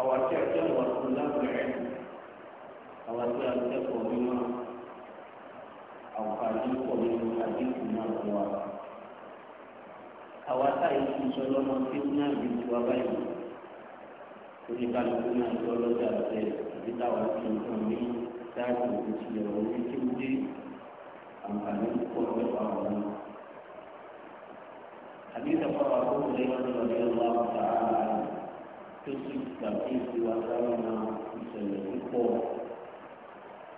àwọn tí a kẹ́kọ̀ọ́ tó lábẹ́rẹ́ àwọn tí a kẹ́kọ̀ọ́ nínú àǹfààní pọ̀ nínú àdínkù náà fún wa. àwa táyé ti sọ lọ́mọ fífúnà bíi tiwa báyìí oníkálukú náà lọ lọ́jà tẹ àbí táwa ti nǹkan mí dáàbò tó ti yẹ wọ́n ní kí ó dé àǹfààní pọ̀ nípa àwọn náà. àbí ìtàkùn àwọn akókò lẹ́yìn ọdún ọdún ọdún ọdún ọdún ọdún tó sì ṣàkíyèsí wa sáwọn ìṣẹ̀lẹ̀ púpọ̀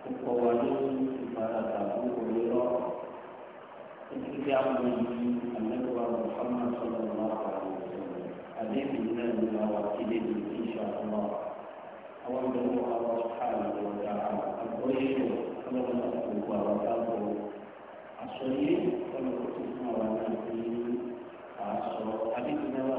púpọ̀ wa ní ìfaradà púpọ̀ lérò títí àwọn ìlú àlẹ́kọ̀ọ́ Muhammad sallallahu alaihi wasallam àdébì náà ní àwọn akéde ní ìṣà ọmọ àwọn ìdánwò àwọn ṣáàlì ọ̀gá àgbọ̀ ìṣò ọlọ́run àti gbogbo àwọn tábọ̀ àṣọyé ọlọ́run tó fún àwọn náà ní àṣọ àdébì náà wà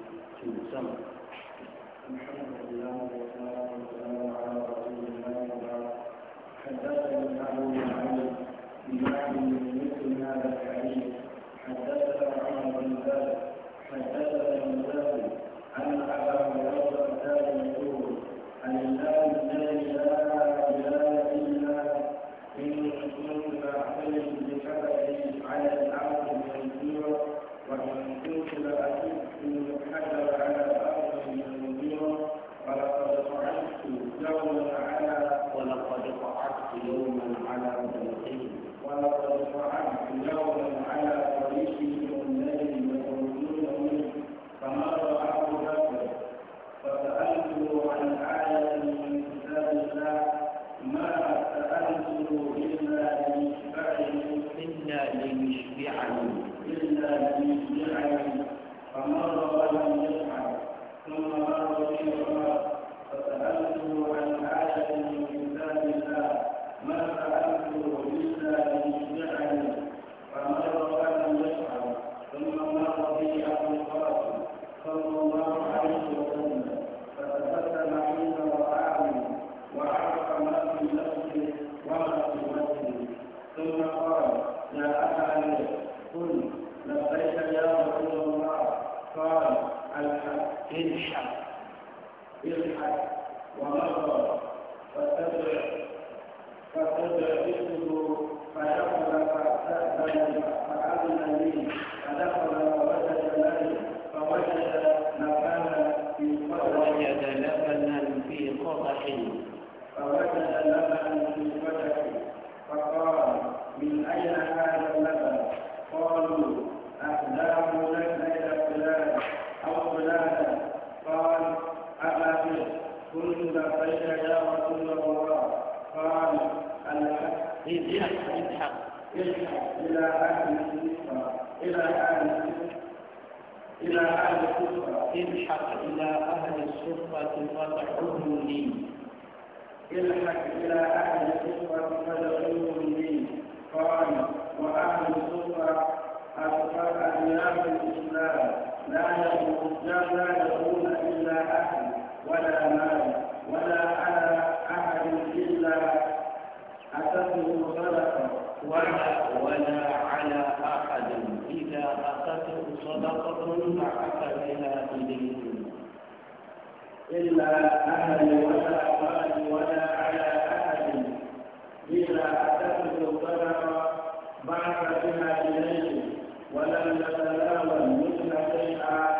ولا ولا على أحد إذا أتته صدقة فأخذها إليهم إلا أهل ولا مال ولا على أحد إذا أتته صدقة بعث إليهم ولم يتناول مثل شيئا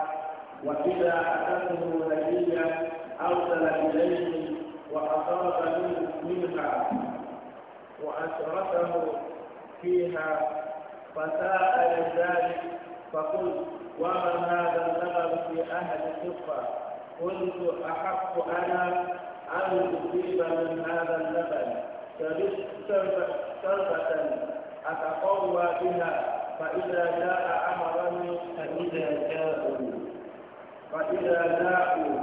وإذا أخذه هدية أرسل إليهم وأصاب منها وأشرفه فيها فسأل ذلك فقلت وما هذا النبأ في أهل الصفة قلت أحق أنا أن أصيب من هذا اللبن شربة أتقوى بها فإذا جاء أمرني فإذا جاءوا فإذا جاءوا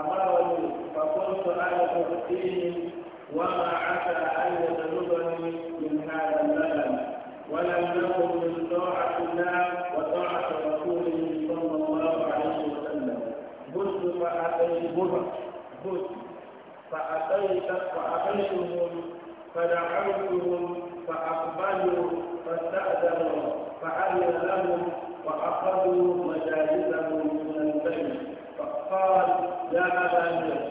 أمرني فقلت أنا أعطيهم وما عسى أن يطلبني من هذا اللبن ولم نقم من طاعة الله وطاعة رسوله صلى الله عليه وسلم بث فأتيت بث فأتيت فأتيتهم فدعوتهم فأقبلوا فاستأذنوا فأذن لهم وأخذوا مجالسهم من البيت فقال يا أبا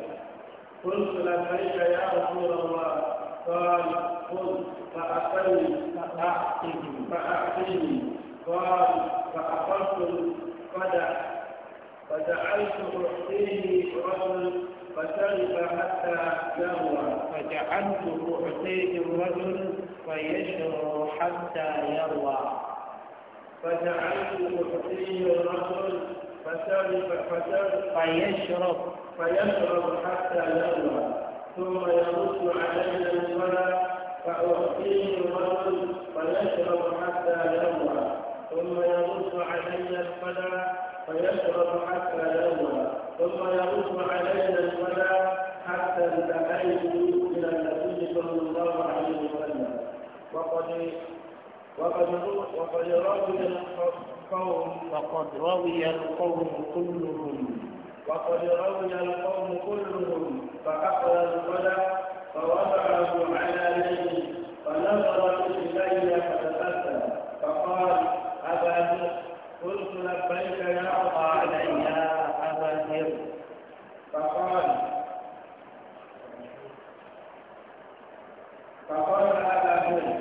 قلت لبيك يا رسول الله قال قل فأقل فأعطني فأعطني قال فأخذت القدح فجعلت أعطيه رجل فشرب حتى يروى فجعلت أعطيه رجل فيشرب حتى يروى فجعلت أعطيه رجل فشرب فشرب فيشرب فيشرب حتى يروى ثم يرد علينا المرأة فأعطيه الماء فيشرب حتى يروى ثم يرد علي الفلا فيشرب حتى يروى ثم يرد علي الفلا حتى انتهيت إلى النبي صلى الله عليه وسلم وقد وقد وقد روي القوم وقد روي القوم كلهم وقد روي القوم كلهم فأخذ القدر فوضعه على فنظر الي فتاثر فقال ابا ذر قلت لبيك يا ابا علي ابا ذر فقال فقال ابا ذر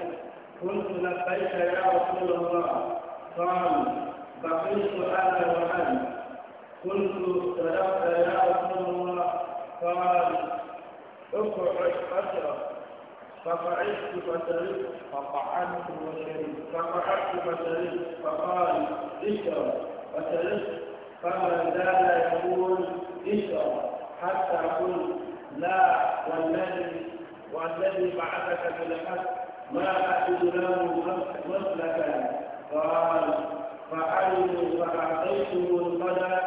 قلت لبيك يا رسول الله قال بقيت انا وانت قلت صدقت يا رسول الله قال اقعد اشرف فقعدت فشربت فقعدت وشربت فقعدت فشربت فقال اشرب فشربت فما زال يقول اشرب حتى قلت لا والذي والذي بعثك بالحق ما أجد له مثلك قال فعلم فأعطيته القدر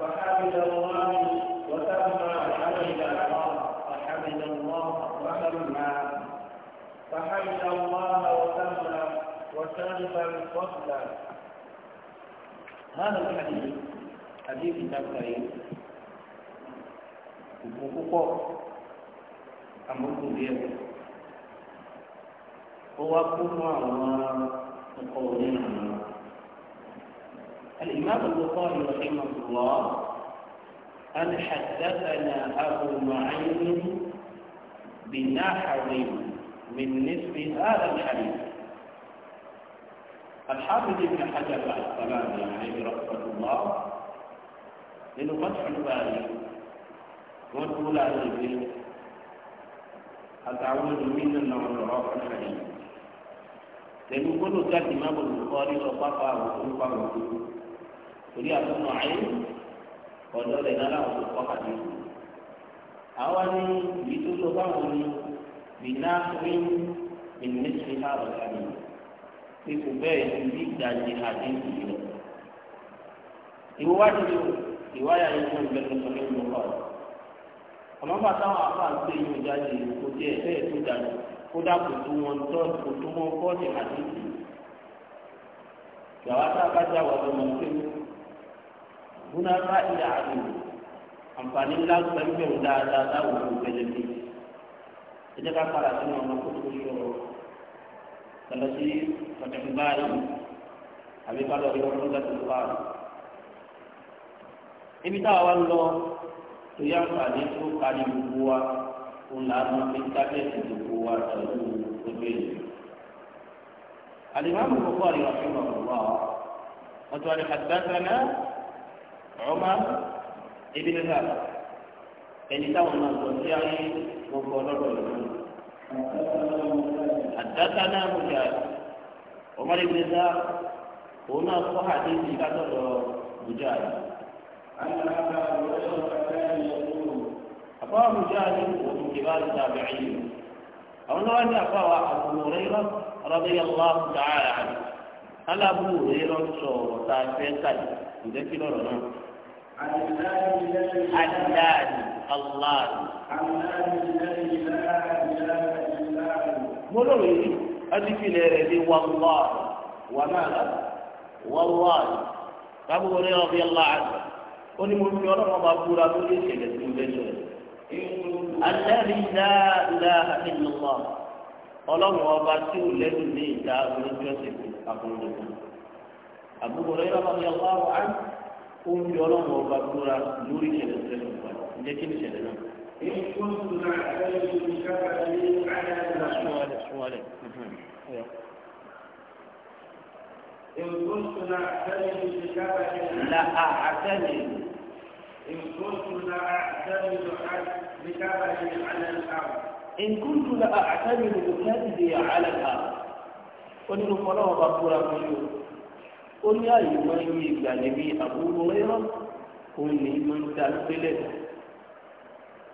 فحمد الله وتم عليه الله فحمد الله وتم فحمد الله وسلم وسلم فضلا هذا الحديث حديث الدكتورين òkúkọ أمرك ẹ̀ هو wá kó fún الإمام البخاري رحمه الله أن حدثنا أبو معين بنحو من نصف هذا الحديث الحافظ ابن حجر السلام عليه يعني رحمة الله إنه فتح الباري قلت لا أدري أتعوذ من النوم الرافع الحديث لأنه كل ذات إمام البخاري وطفى وطفى وطفى ولي أظن عين وجد لنا له الطفى حديث أولي بيتو سبعوني bìnnáfíì bìnnísìrì àrò kàmí ipò في ibi ìdajì àdéhùn yìí lọ. ìwádìí o ìwáyà yìí fún ìgbẹ́ni sọ̀rọ̀ ìlú kọ̀. àmọ́ bàtà àwọn afáà gbé yìí jáde kò tiẹ̀ bẹ́ẹ̀ tó jáde kódà kò tó wọn tọ́ kò tó wọn fọ́ọ̀tì àdéhùn yìí. gàwátà bá já wà lọ́mọ pé múnáfà ìyá àdéhùn àǹfààní ńlá pẹ̀lú bẹ̀rù dáadáa láwùjọ pẹ̀lẹ́pẹ̀lẹ́ ẹjẹ ká padà sínú ọmọ kókó ṣòro lọ sí pàtàkì báyìí àbí ká lọ rí ọdún láti lọ bá rẹ. ibi táwa wá ń lọ tó yá àǹfààní tó kárí gbogbo wa òun là á mọ pé gbogbo wa pẹ̀lú gbogbo ènìyàn. الإمام البخاري رحمه الله وقال حدثنا عمر بن ذر ẹni táwọn náà gbọ́ sí ayé wọn gbọ́ lọ́dọ̀ yìí. àdáta náà mo jà ọmọdé gbé sá òun náà kọ́ àdéhùn ìdádọ́dọ̀ bùjá rẹ̀. àbáwọ̀ bùjá rẹ̀ òun kì bá rẹ̀ tàbí ayé àwọn náà ní àbáwọ̀ àbúrò rẹ̀ rọ́bìyà lọ́wọ́ tààrà rẹ̀ alábùrò rẹ̀ lọ́ sọ̀rọ̀ tá a fẹ́ kàlẹ̀ ìdẹ́kí lọ́rọ̀ náà. àdìláàdì الله مولوي ادي في ليري والله وما له والله ابو هريره رضي الله عنه قل من يرى ما بورا بوري الذي لا اله الا الله ọlọ́run ọba tí ò lẹ́nu ní ìta olójúọ̀sẹ̀ àbúrò àbúrò rẹ̀ rọ́bà ní ọlọ́run á ó ń fi ọlọ́run ọba búra lórí ìṣẹ̀lẹ̀ sẹ́nu pẹ̀lú ǹjẹ́ kí ni ìṣẹ̀lẹ̀ náà. لا أعتمد إن كنت لا أعتمد بكبري على الأرض إن كنت لا أعتمد بكبري على الأرض onínú kọ́ náà bá búra fún yóò ó ní àyè máa ń yí ìgbà níbi àbúrò rírọ́ òun ní máa ń dá lópẹ́lẹ́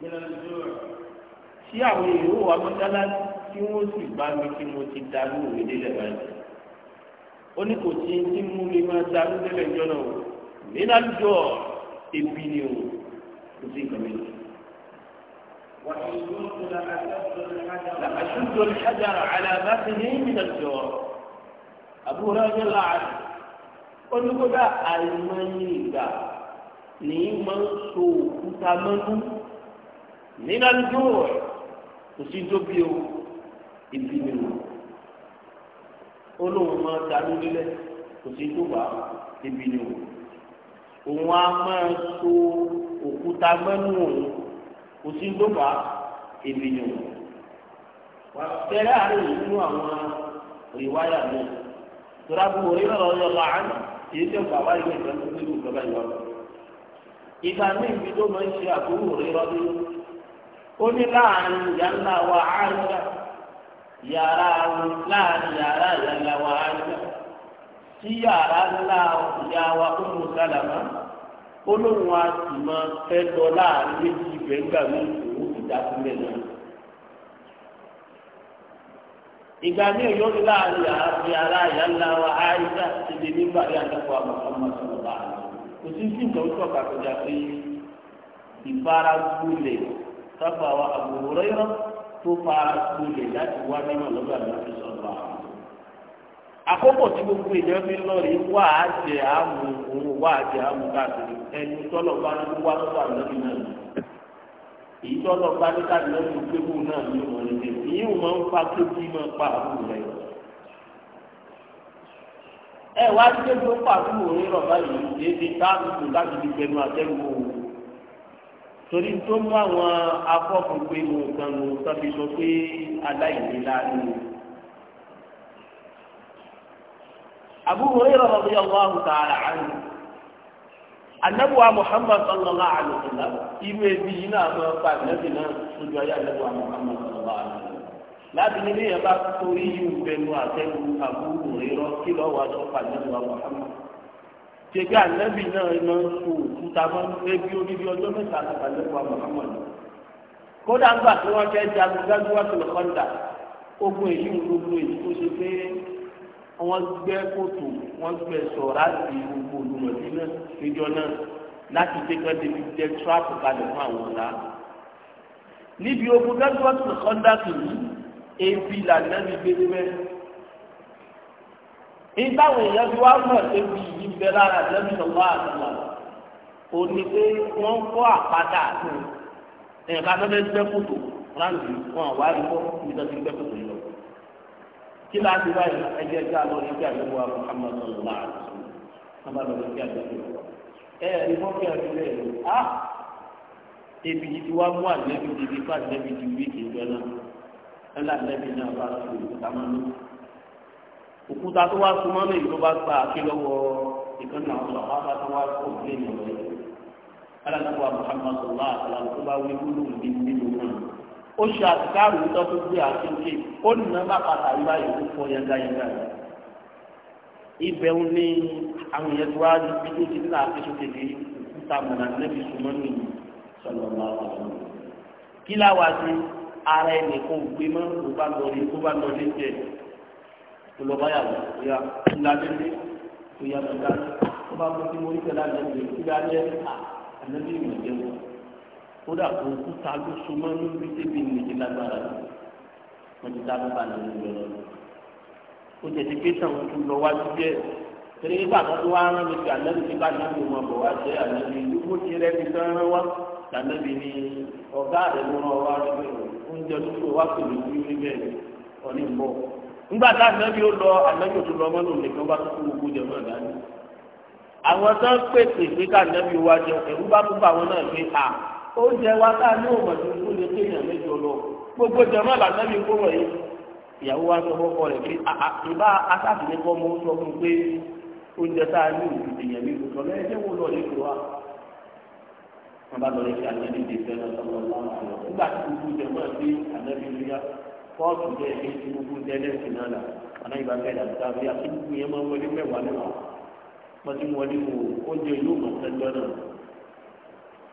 tí àwọn èrò wa mọ́sálásí tí wọ́n sì bá mi tí mo ti darú òwe délẹ̀ báyìí ó ní kò tí ń tí mú mi máa darú délẹ̀ jọ náà nínú àjọ ebi ni o kò sí nǹkan mìíràn. لأشد الحجر على بطنه من الجوع أبو رجل العدل قل له ده المنيدة ni máa ń nínú àdúgbò rẹ kò sí tó bí o ìdí mi wò olóhùn máa dánú lílẹ kò sí tó wà ìbí mi wò òun á máa so òkúta mẹ́nu òun kò sí tó wà ìbí mi wò wà tẹ́lẹ̀ àárín nínú àwọn ìwáyà náà tora orí lọ́rọ̀ yọ làánà kìí ṣe bàbá ìwé ìgbà tó ń gbé ìgbà báyìí ìgbà míì bí tó máa ń ṣe àbúrò rí rọ́bí ó ní láàrin ìyá ńlá wa áyíká yàrá láàrin yàrá ìyá wa áyíká tí yàrá ńlá ìyá wa Ummu Salama olóhùn lọ láàrin méjì ti náà. ìgbà ní èyí ó ní láàrin ara ìyá ńlá wa àìsà ti di nígbà tí a ti àwọn ọmọ bá a lọ. kò sí sí ìtọ́jú ọ̀gá sábà wa Abu Hurairah tó fara gbolẹ̀ láti wá nínú lọ́gbà láti sọ̀rọ̀ àwọn. àkókò tí gbogbo ènìyàn fi lọ rí wà á jẹ àmú òun wà á jẹ àmú káàkiri ẹni tọ́lọ̀ bá ní wá lọ́gbà lọ́bì náà ni èyí tọ́lọ̀ bá ní káàdì lọ́bì gbégbó náà ni wọ́n ní bẹ́ẹ̀ èyí ò máa ń fa kébí máa pa Abu Hurairah. ẹ wá sí kébí ó pa Abu Hurairah báyìí déédéé táàbù tó láti fi gbẹnu àtẹ́wò torí tó mú àwọn afọ́fúnpé mu nǹkan mu tọ́bi sọ pé aláìní láàánú. Abu Hurairah radiyallahu anabuwa Muhammad sallallahu alaihi wa sallam iwe bi yìí náà máa pa anabi anabuwa Muhammad sallallahu alaihi wa sallam láti ní bí yẹn bá torí yìí ń Abu Hurairah Muhammad. ṣègbè ànábì náà lọ sọ òkúta mọ́ ebi oníbi ọjọ́ mẹ́ta àtàlẹ́kọ̀ọ́ àmọ́hámọ́ ni. kódà ńgbà tí wọ́n fẹ́ jagun gbágbúwá tó lọ kọ́ńtà ogun èyí ń gbogbo èyí tó ṣe pé wọ́n gbẹ́ kòtò wọ́n gbẹ́ sọ̀rá sí gbogbo olùmọ̀tí náà níjọ náà láti ṣe pé débi jẹ́ tíráàpù kalẹ̀ fún àwọn ọ̀la. níbi ogun gbágbúwá tó lọ kọ́ńtà kìí ìtàwọn èèyàn ti wá mọ̀ débi yìí bẹ lára lẹ́nu lọ́wọ́ àtàlà ò ní pé wọ́n kọ́ àpáta àti ẹ̀ka tó fẹ́ gbẹ́ kòtò ráńdì wọn àwa rí kọ́ ibi tó ti gbẹ́ kòtò yìí lọ. kí láà ti báyìí ẹjẹ ẹjẹ àlọ́ ní kí àgbẹ̀wò àwọn Muhammad sọ̀rọ̀ àti sọ̀rọ̀ náà bá lọ sí àgbẹ̀wò. ẹ ẹ ní wọ́n fi àti bẹ́ẹ̀ lọ á ebi yìí ti wá mú àgbẹ̀bí ti di fún àgbẹ̀bí ti wí kì í gbẹ náà ẹ òkúta tó wá súnmọ́ ní ìlú bá gba àti lọ́wọ́ ìkan náà sọ ọ́nà tó wá kó lé ní ọ̀rẹ́ alágbèbọ̀ Muhammad sọlá àtàlà tó bá wí wúlò ní nínú náà ó ṣe àtìkáàrù tó tó gbé àti ṣe ó nà bá pàtà ìwà ìlú fọ yanga yanga ibẹ̀ ń ní àwọn èèyàn tó wá ní bí tó ti ní àti ṣe kéde òkúta mọ̀nà lẹ́bi súnmọ́ ní sọlọ́ kí láwa kò lọ báyàwó ìyá ńláńlẹ́lẹ́ kò yá bàtà tó bá mú kí mo rí tẹ̀lé àlẹ́lẹ́ kí bá lẹ́ àlẹ́lẹ́ ìmọ̀ jẹ́ wọn. kódà kò kúta ló so mọ́ ní bí tẹ́bi nìyí lágbára wọn ti dá lọ́ba nà lórí ọ̀rọ̀ o tètè ké sàn tó lọ wájú jẹ tẹ̀lé nígbà tó tó wá rán mi pé àlẹ́lẹ́ ti bá ní ìlú wọn bọ̀ wá jẹ́ àlẹ́lẹ́ ìlú ọ̀gá rẹ̀ ló rán wá rẹ̀ oúnjẹ tó wá pẹ̀lú bí ó rí bẹ́ẹ̀ ọ ńgbà tá ànábi ó lọ ànábi ò tún lọ mọ́nù nìkan bá tún kú gbogbo jẹ náà dání. àwọn tó ń pèsè pé ká ànábi wá jẹ ẹ̀rú bá tún bá àwọn náà gbé à oúnjẹ wa tá a ní òmòdì tó lè téèyàn mẹ́jọ lọ gbogbo jẹ náà làǹnábi kó wọ̀ yìí. ìyàwó wa sọ fọ́kọ rẹ̀ pé ìbá asáfìlẹ̀ kọ́ mọ́ sọ fún pé oúnjẹ tá a ní òmòdì èèyàn mi kò sọ lẹ́yìn wọ́n lọ lè kó wa wọn bá lọ lè fi ànábi dè fẹ́ lọ sọ́kọ̀ọ́ kóòtù jẹ́ ibi tí gbogbo tẹ́lẹ̀ sí náà là ọ̀nà ìgbà fẹ́ dàbí tàbí àtúntò yẹn máa wọlé mẹ́wàá mẹ́wàá wọ́n ti wọlé wò oúnjẹ yóò mọ̀ sẹ́jọ́ náà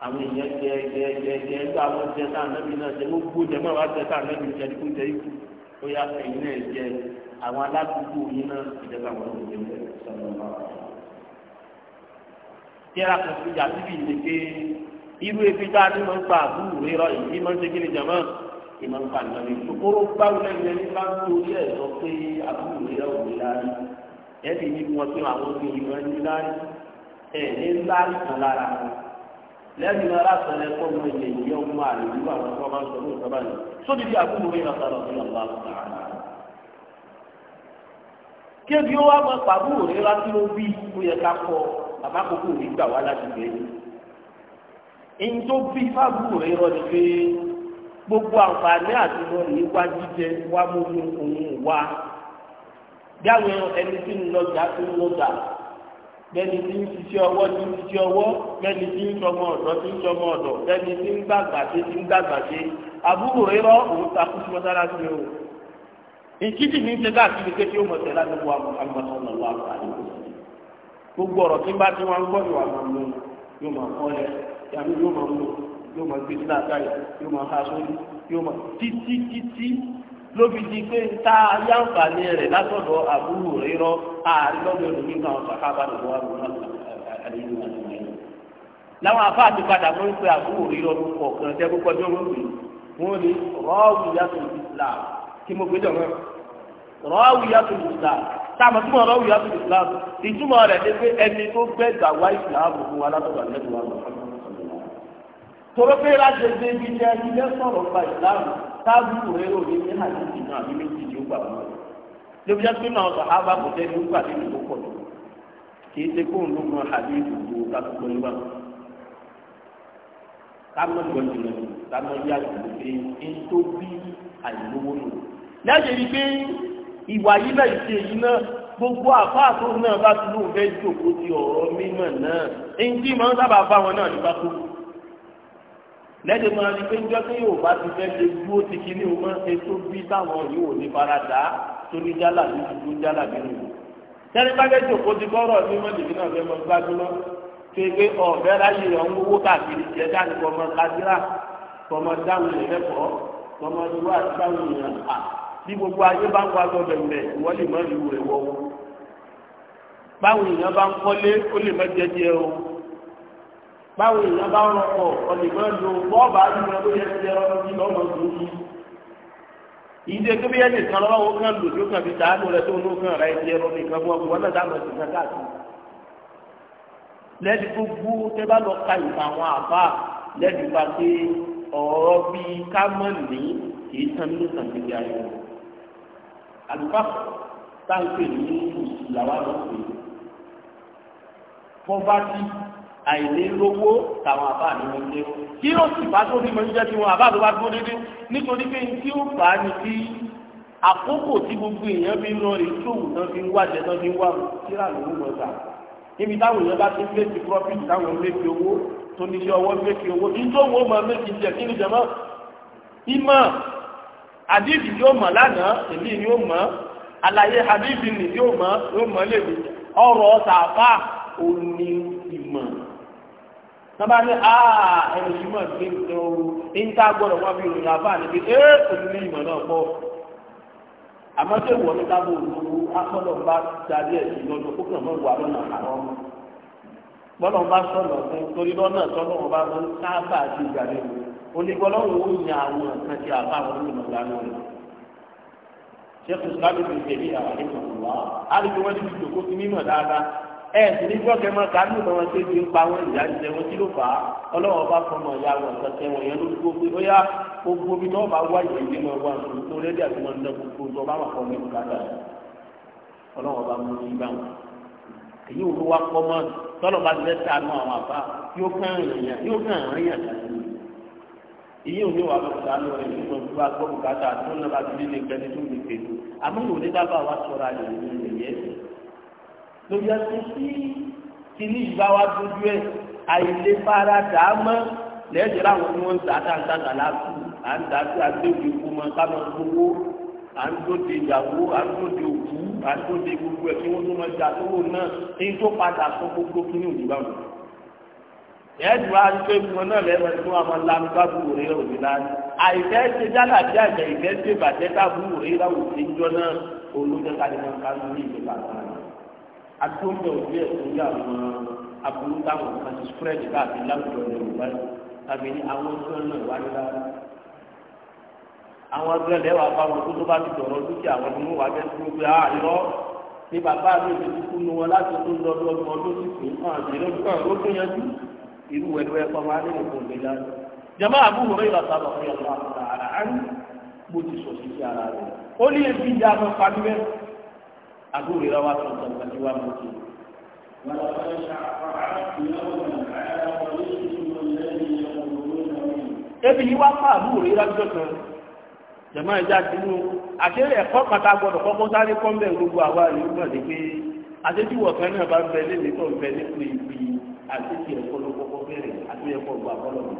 àwọn èèyàn jẹ jẹ jẹ jẹ ẹgbẹ́ àwọn jẹ tá ànábì náà jẹ gbogbo jẹ mọ́ àwọn jẹ tá ànábì jẹ kó jẹ ikú ó yà ẹ̀yìn náà jẹ àwọn aládùúgbò yín náà ìjọba àwọn ọmọ ìjọba sọ̀rọ̀ náà. yẹ́ra kan fi yàtúbì ìmọ̀ nípa ìmọ̀ ní kókóró báwo lẹ́yìn ẹni bá ń torí ẹ̀ sọ pé àbúrò mi yà wò mí láàrí ẹ̀ẹ́dì ní wọn pé àwọn obìnrin wọn ní láàrí ẹ̀ ní láàrí kan lára lẹ́yìn náà láti ẹ̀ kọ́ mọ ilé ìyẹ́ ọmọ àlè nígbà wọn kọ́ máa ń sọ fún ìjọba yìí sóbi bí àbúrò mi yà sọ̀rọ̀ sí ọ̀la kébi ó wá mọ pàbúrò rẹ wá kí ló bí yẹ ká kọ bàbá kókó mi gbogbo àǹfààní àti lórí wá jíjẹ wá múlò òun wá bí àwọn ẹni tí ń lọjà tó ń lọjà bẹ́ẹ̀ni tí ń ṣiṣẹ́ ọwọ́ tí ń ṣiṣẹ́ ọwọ́ bẹ́ẹ̀ni tí ń sọmọ ọ̀dọ́ tí ń sọmọ ọ̀dọ́ bẹ́ẹ̀ni tí ń gbàgbà ṣe tí ń gbàgbà ṣe àbúrò rírọ òun takú sí mọ́sálásí o ìkíkì ní ṣe káàkiri pé kí ó mọ̀tẹ́ láti wọ àmọ́tọ́ ọ̀nà wà gbogbo ọ̀rọ̀ tí bá ti wọn gbọ́ ìwà máa kọ́ yóò máa mú yóò máa gbé sílá àgbáyé yóò máa ha sórí yóò máa títí títí ló fi di pé ta yáǹfààní rẹ̀ látọ̀dọ̀ àbúrò rẹ̀ rọ ààrin lọ́dọ̀ ẹlòmíì kan sàkábà lọ́wọ́ àwọn àlejò àti ìlú. láwọn afá àti padà mọ́ ń pe àbúrò rẹ̀ rọ lórúkọ kan tẹ́ púpọ̀ tí wọ́n pè wọ́n ní rọ́ọ̀wù yàtọ̀ Islam kí mo gbé jọ̀ mọ́ rọ́ọ̀wù yàtọ̀ Islam táàmù tí mo rọ́ọ̀wù yàtọ̀ Islam ìtumọ̀ rẹ̀ ni pé ẹni tó gbẹ́gbà wá ìsìlámù fún wa látọ̀dọ̀ àlejò àwọn ọ̀fọ̀ tọ́lọ́ pé láti ẹgbẹ́ ibi jẹ́ ilé sọ̀rọ̀ gba ìsìláàmù táàbù rẹ̀ ò ní ní àdìsí náà ní méjì ní ó gbà wọn. lóbi jẹ́ sínú àwọn sàhábà kò tẹ́ ní ó gbà nínú ìkókò tó kì í ṣe kó ń lókun àbí ìdòdò kákòkò nígbà. kámọ́ ìwọ̀n jùlọ kámọ́ yá ìlú pé ń tó bí àìlówó nù. lẹ́yìn rí pé ìwà yìí náà ìṣe yìí náà gbogbo àfáàtò náà bá ti lóun fẹ́ jòkó ti ọ̀rọ̀ mímọ̀ náà èyí tí màá sábà bá wọn náà nípa tó kù lẹ́yìn máa ní pé ń jọ́ pé yóò bá ti fẹ́ ṣe dúró ti kíní o máa ń ṣe tó bí táwọn yìí ò ní fara dà á torí jálà ní dúdú jálà nínú ìlú. sẹ́ni bá fẹ́ jòkó ti bọ́rọ̀ ní mọ́lẹ̀bí náà fẹ́ mọ gbájúmọ́ pé pé ọ̀bẹ ráyè ọ̀hún owó káàkiri jẹ́ dání kọ́mọ kájírà kọ́mọ dáhùn ìrẹ́pọ̀ kọ́mọ ìlú àti dáhùn ìyàn à bí gbogbo ayé bá ń wá gbọdọ̀ mẹ́ ìwọ́n lè mọ́ ìlú rẹ̀ wọ́ báwọn bá ń kọ́lé ó lè mọ́ jẹ́jẹ́ o báwo èèyàn bá ń rọpò ọ̀dìgbọ́n lo bọ́ọ̀bà àdúgbò tó yẹ ti ẹ̀rọ lójú lọ́mọ tó yí. ìdè tó bí yẹn nìkan lọ́wọ́ kan lò tó kàn fi sàánú rẹ tó ló kàn rà ẹ̀ ti ẹ̀rọ nìkan fún ọkùnrin náà dáhùn sí kan káàkiri. lẹ́ẹ̀dì gbogbo tẹ́ bá lọ ka ìfà àwọn àbá lẹ́ẹ̀dì gba pé ọ̀rọ̀ bíi kámọ́nì kì í tán nínú sàǹdìgbì ayé àlùfáà àìní lówó táwọn àbá mi ń lé kí ló sì bá tó ní mo ń jẹ́ kí wọn àbá tó bá tó dédé nítorí pé tí ó bá ní kí àkókò tí gbogbo èèyàn fi ń lọ rè tóòwù náà fi ń wájẹ náà fi ń wá kíra lòún lọ sà níbi táwọn èèyàn bá ti ń léèkì profit táwọn ń léèkì owó tó ní iṣẹ́ ọwọ́ ń léèkì owó nítorí wọn máa méjì jẹ kí ni jẹmọ́ ìmọ̀ àdìsí yóò mọ̀ lánàá èmi ni ó mọ̀ àlàyé àdìsí ni yóò mọ̀ yóò mọ̀ léèkì ọ̀rọ̀ sàfà òní ìmọ̀ sábà ní àà ah, ẹni yìí mọ̀ sí ní ooru ní ká gbọ́dọ̀ wá bí ìròyìn àbá níbi ee òní ní ìmọ̀ náà pọ̀ àmọ́ tó wọ̀ ní tábò òru akọ́lọ̀ bá darí ẹ̀ sí lọ́dún ó kàn mọ́ wà lọ́nà àwọn ọmọ gbọ́dọ̀ bá sọ̀nà fún torí lọ́nà tọ́lọ́ wọn bá wọn sábà ti gbà ní ìlú onígbọ́lọ́wọ́ ó yin àwọn nǹkan tí àbá àwọn onímọ̀ ìlànà rẹ̀ ṣé kò sábà ti tẹ̀lé àwọn ẹ̀kọ́ ẹ sì ní gbọ́kẹ́ máa kánú náà wọn ṣe ti ń pa wọn ìyá ìjẹ wọn kí ló fà á ọlọ́wọ́n bá fọmọ ìyá wọn kẹkẹ wọn yẹn ló dúró pé ó yá gbogbo bí náà bá wá ìyẹ̀yẹ máa wá nǹkan tó rẹ́dí àti máa ń dán gbogbo tó bá wà fọ́ mi kàdà ọlọ́wọ́n bá mú yín báwọn. èyí ò ló wá pọ́ mọ́ tọ́lọ̀ bá ti lẹ́sẹ̀ àánú àwọn àbá yóò kàn án yàn ìyí òní wà lọ sàánú rẹ nínú gbogbo agbóhùn kàtà tó ń lọ bá ti lé ní gbẹdúdú nìkejì àmọ́ ìwòlé dábàá wa sọ̀rọ̀ àyè ìyẹn ló yẹ kí sí kíní ìbáwá dúdú ẹ̀ àìlè fara dà á mọ́ lẹ́yìn láwọn tí wọ́n ń ta tá ń ta tà láàbù à ń ta sí agbègbè kú mọ́ ká mọ́ gbowó à ń tó de ìyàwó à ń tó de òkú à ń tó de gbogbo ẹ̀ kí wọ́n tó mọ́ ja owó náà èyí tó padà sọ gbogbo kíní òdìbà wọn ẹ̀ẹ́dùn wa ṣe fún ọ náà lẹ́wọ̀n tí wọ́n máa lanu bá bu òré òní lánàá àìfẹ́ ṣe jálà bí àjẹ́ ìfẹ́ ṣe bàjẹ́ bá bu òré láwùjọ náà olóńgbé kalẹ̀ máa ń kánú àti oúnjẹ òbí ẹ̀ tó yà wọn aburú táwọn kan ti spread káàkiri láwùjọ yorùbá tàbí ní àwọn tó ń lọ ìwádìí lára àwọn agbẹ́lẹ̀ wà bá wọn tó tó bá ti dọ̀rọ̀ dúkìá wọn ni wọ́n wà bẹ́ẹ̀ tó gbé àá lọ ní bàbá mi ti kú nu wọn láti tó lọ lọ́dún ọdún sí pé hàn sí lọ́dún kan ló tó yanjú irú ẹ̀rọ ẹ̀kọ́ máa ní ìbò mi lára. jama àbúrò rẹ̀ yọ̀ sábà fún yàrá àrà àrùn àbúrò ìrọ̀ wa tuntun nǹkan tí wàá mú kí. ebi yìí wá fún àbúrò ìrọ̀ àjọ kan jẹ̀mọ́ ẹja dínú àti ẹ̀kọ́ pátá gbọ́dọ̀ kọ́kọ́ sáré kọ́ńbẹ̀ gbogbo àwa yìí mọ̀ sí pé àtẹ́júwọ̀ kan náà bá bẹ lẹ́mìí tó ń bẹ nípò ìpì àti ti ẹ̀kọ́ ló kọ́kọ́ bẹ̀rẹ̀ àti ẹ̀kọ́ gbà bọ́lọ̀ mi.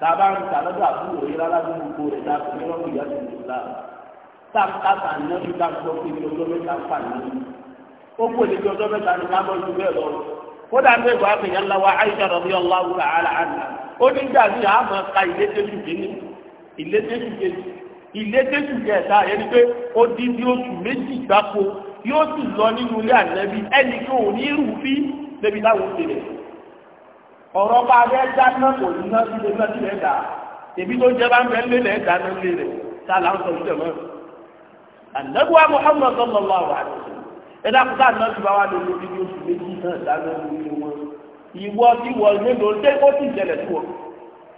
tá a bá ń ta lọ́dọ̀ àbúrò yìí rárá gbogbo rẹ̀ dáa fún mi lọ́kùnrin yàtọ̀ ìlú láàrín sáńtàtà nẹ́bí ká gbọ́ pé ní ọjọ́ mẹ́ta fà ní. ó kò lè di ọjọ́ mẹ́ta ní ká lọ ju bẹ́ẹ̀ lọ. ó dà bẹ́ẹ̀ bọ́ àfẹ̀yà ńlá wa Aisha radiyallahu ta'ala anha. ó ní gbà mí àmọ́ ka ìlétẹ́sù kìíní ìlétẹ́sù kejì ìlétẹ́sù kẹta yẹn ni pé ó dín ní oṣù méjì gbáko yóò sì lọ nínú ilé ànẹ́bí ẹnì kí òun ní rúfí débi táwọn ti rẹ̀. ọ̀rọ̀ bá a bẹ́ẹ̀ dáná kò ní ná sí lé náà sílẹ̀ dà èmi tó jẹ́ bá ń bẹ́ẹ̀ lé lẹ́ẹ̀ dáná lé rẹ̀ tá a là ń ìjọba ànágbà Muhammad sallallahu alaihi wasallam ẹ̀dá kúta ànágbà bá wà lórí ojú ní oṣù méjì náà dáná lórí wọn ìwọ tí wọ nílò ṣé ó ti ṣẹlẹ̀ sí wọn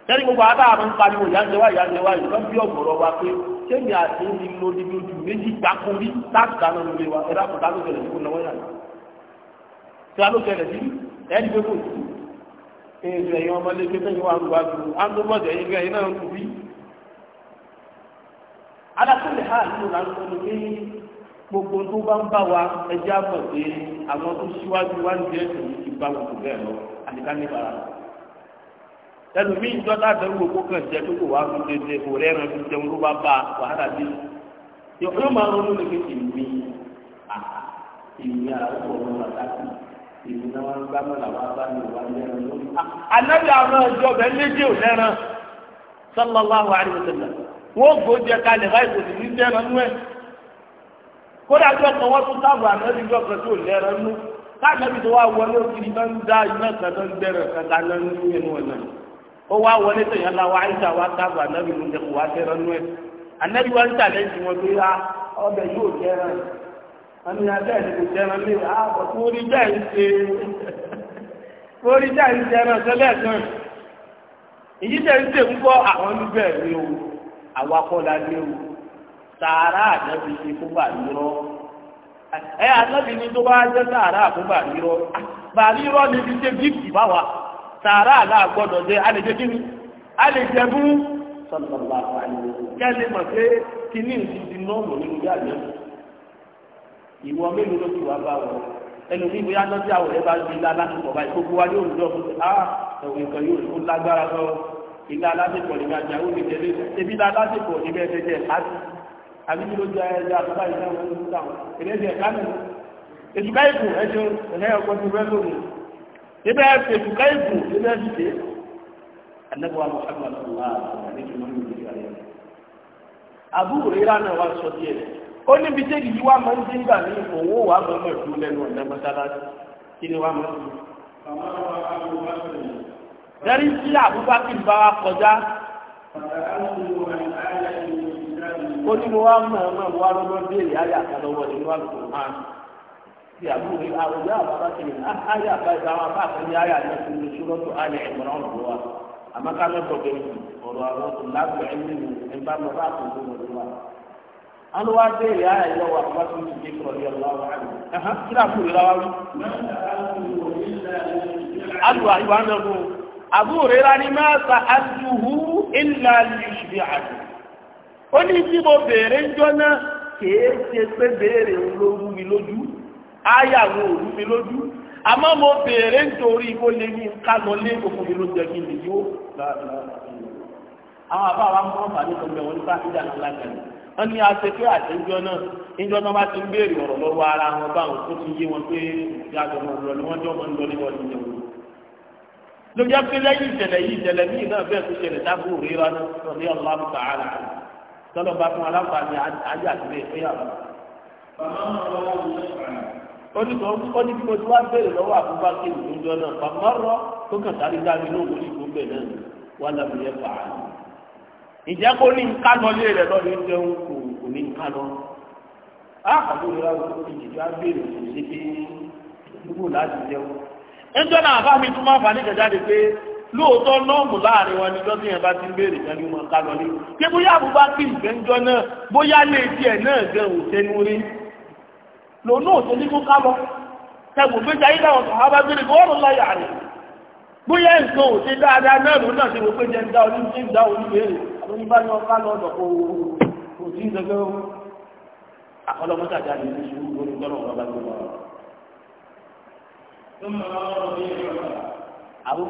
sẹ́ni gbogbo àbá a ń pariwo ìyáǹdẹ́wà ìyáǹdẹ́wà yìí lọ́n bí ọ̀gbọ̀rọ̀ wa pé sẹ́ni àti ní lo níbi ojú méjì gbáko rí láti dáná lórí wa ẹ̀dá kúta ló ṣẹlẹ̀ sí wọn lọ́wọ́ yàrá tí a ló ṣẹlẹ̀ sí ẹni pé kò sí èèyàn ọmọlẹ́gbẹ́ sẹ́yìn wa ń lu àgbo àgbo bọ́ọ̀dù ẹ̀yìn alákùnrin ha nínú lásán ni pé gbogbo tó bá ń bá wa ẹjẹ́ àpọ̀ pé àwọn tó síwájú wá ń jẹ́ èyí ti bá wọn kò bẹ́ẹ̀ lọ àdìgá ní bara ẹlòmíì ń dọ́là dẹ́rù òkú kan jẹ́ tó kò wá fún dédé kò rẹ́ràn fi jẹun ló bá bá wàhálà dé yóò máa ronú ní pé èmi èmi àwọn ọmọ wàtàkì èmi náà wọn gbá mọ́ làwọn bá mi wà lẹ́ràn lórí. ànábì àwọn ọjọ́ bẹ́ẹ̀ méjì ò lẹ́ràn sallallahu alaihi wasallam. wọ́n gbòójẹ kalẹ̀ báyìí kò sì ní nú ẹ̀ kódà jọ kan wọ́n tún sáàbù ànábì jọ kan tó lẹ́ran nú káàkiri tó wá wọlé òkìrì bá ń dá iná kan tó ń bẹ̀rẹ̀ ẹnu ọ̀nà ó wá wọlé la wá wá ló ń jẹ kó wá nú wá ń ju wọn pé ah, ọbẹ̀ yóò àmì abẹ́ẹ̀ ah, ni kò lé ah, àwa kọ́ la lé o sàárà ànábi ṣe fún bàrírọ ẹ ànábi ni tó bá jẹ́ sàárà fún bàrírọ ah, bàrírọ ni fi ṣe gíìtì bá wa sàárà àlá gbọ́dọ̀ jẹ a lè jẹ kíni a lè jẹ bú sọlọlọ àfààní kẹlẹ mọ pé kíní ìdí ti nọọmù nínú yàrá ìwọ mélòó ló ti wá bá wọn ẹlòmíì bóyá lọ́sí àwòrán bá ń di lálásùpọ̀ báyìí gbogbo wa yóò lọ fún ah ẹ̀wọ̀n nǹkan yóò lágbára lọ́wọ́ ilé alásèpọ̀ ní ká jáwó ní tẹ́lẹ̀ ebi ilé alásèpọ̀ ní bẹ́ẹ̀ tẹ́jẹ́ àti àbí kí ló jẹ́ ẹ̀jẹ̀ àtúbà ìdáhùn ẹ̀jẹ̀ ìdáhùn ẹ̀jẹ̀ kánú ètùká ìbù ẹ̀jẹ̀ ẹ̀hẹ́ ọkọ̀ tó fẹ́ lónìí ibẹ̀ ètùká ìbù ibẹ̀ dìde anabuwa muhammad allah ní kí wọ́n yóò yára yẹn. àbúrò rírà náà wá sọ díẹ̀ ó ní bí jẹ́gi yìí máa ń dé nígbà ní òwò wà máa máa dúró lẹ́nu ọ̀nà mọ́sálásí kí ni wá máa ń dúró. Dẹ́rí tí Abubakar bá wa kọjá. Ó ní mo wá mọ̀ ọ́n mo wá lọ́dọ́ béèrè ayé àtàlọ́wọ́ nínú àlùkò hàn. Bí àbúrò àwòrán Abubakar ní ah, ayé àbáyé àwọn abáàkàn ní ayé àjẹsí ní ṣúrọ́tò ayé ẹ̀mọ́ràn ọ̀rọ̀ wa. Àmọ́ ká lọ́dọ̀ bẹ̀rẹ̀ ọ̀rọ̀ àwọn ọ̀tùnlágbọ̀ ẹ̀mí ni lọ bá àtúntò wa. béèrè ayé wa ìdí àbúrẹ́ra ní máa sa àdúhù ìlà lùsùlẹ̀ àdù ó ní tí mo bèèrè ń jọ́nà kìí ṣe pé bèèrè ń ló rú mi lójú áyà ń rú mi lójú àmọ́ mo bèèrè ń torí kó lè ní kánọ lé òfin mi ló jẹ́ kí lè yó àwọn àbá wa mú àǹfààní kan bẹ̀ wọ́n ní sáfì dáná lágbàdo wọ́n ní aṣepé àtẹ́jọ́ náà níjọ́ náà bá ti ń béèrè ọ̀rọ̀ lọ́wọ́ ara wọn báwọn tó ti yé wọn pé ìyá àgbọ̀n ọ̀rọ̀ ni wọ́n jọ́ wọn ń lọ níwọ̀n lórí ẹgbẹ́ lẹ́yìn ìṣẹ̀lẹ̀ yìí ìṣẹ̀lẹ̀ míì náà bẹ́ẹ̀ tó ṣẹlẹ̀ dábò rí wa náà sọ̀rí ọlọ́run tààlà tọ́lọ́ bá fún aláǹfààní ayé àtúnlẹ̀ ìfẹ́yàwó. oníkan ó ní kó tí wàá béèrè lọ́wọ́ àbúgbà kí ìdúnjọ náà pàmọ́rọ́ tó kàn sáré dá mi lóògùn ìlú bẹ̀ náà wà lábẹ́ yẹn fà á. ìjẹ́ kó ní nkánọ lé rẹ̀ lọ́dún jẹun kò ní nkánọ. á àbúrò ẹjọ́ náà bá mi tún máa fà nígbà jáde pé lóòótọ́ nọ́ọ̀mù láàrin wọn ni lọ́sìn yẹn bá ti ń béèrè kan ní wọn ká lọ ní. pé bóyá àbúgbá kí ìgbẹ́njọ́ náà bóyá lè tiẹ̀ náà gan òṣèlú rí lòun náà òṣèlú kó ká lọ tẹ̀gùn pé jayé dáwọn sọ̀rọ̀ abágbére gbọ́ọ̀rọ̀ láyà rẹ̀ bóyá nǹkan ò ṣe dáadáa náà lòun náà ṣe wò pé jẹ́ ń oní ṣe ń oní béèrè àwọn oníbá ni wọ́n ká lọ أبو بكر أبو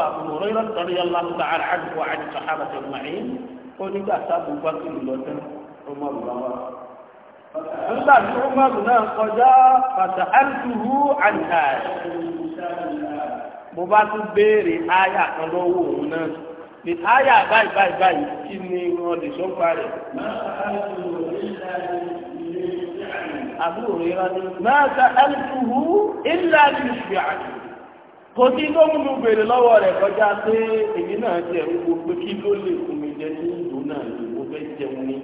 أبو هريرة رضي الله تعالى عنه وعن الصحابة أجمعين قل إذا أبو بكر لوتن عمر الله nígbà tí Umaru náà kọjá fàtàántuhu àìhàì mo bá tún béèrè áyà kan lọ́wọ́ òun náà ní áyà báyìí báyìí báyìí kí ni wọ́n lè sọ́kpa rẹ̀ àbúrò rẹ̀ rà ní máa ta ẹlùtùhù ilẹ̀ àdìsí àti kò sí tó mú bèrè lọ́wọ́ rẹ̀ kọjá pé èmi náà jẹ́ ìwò pé kí ló lè fún mi jẹ ní ìlú náà ìwò fẹ́ jẹun ní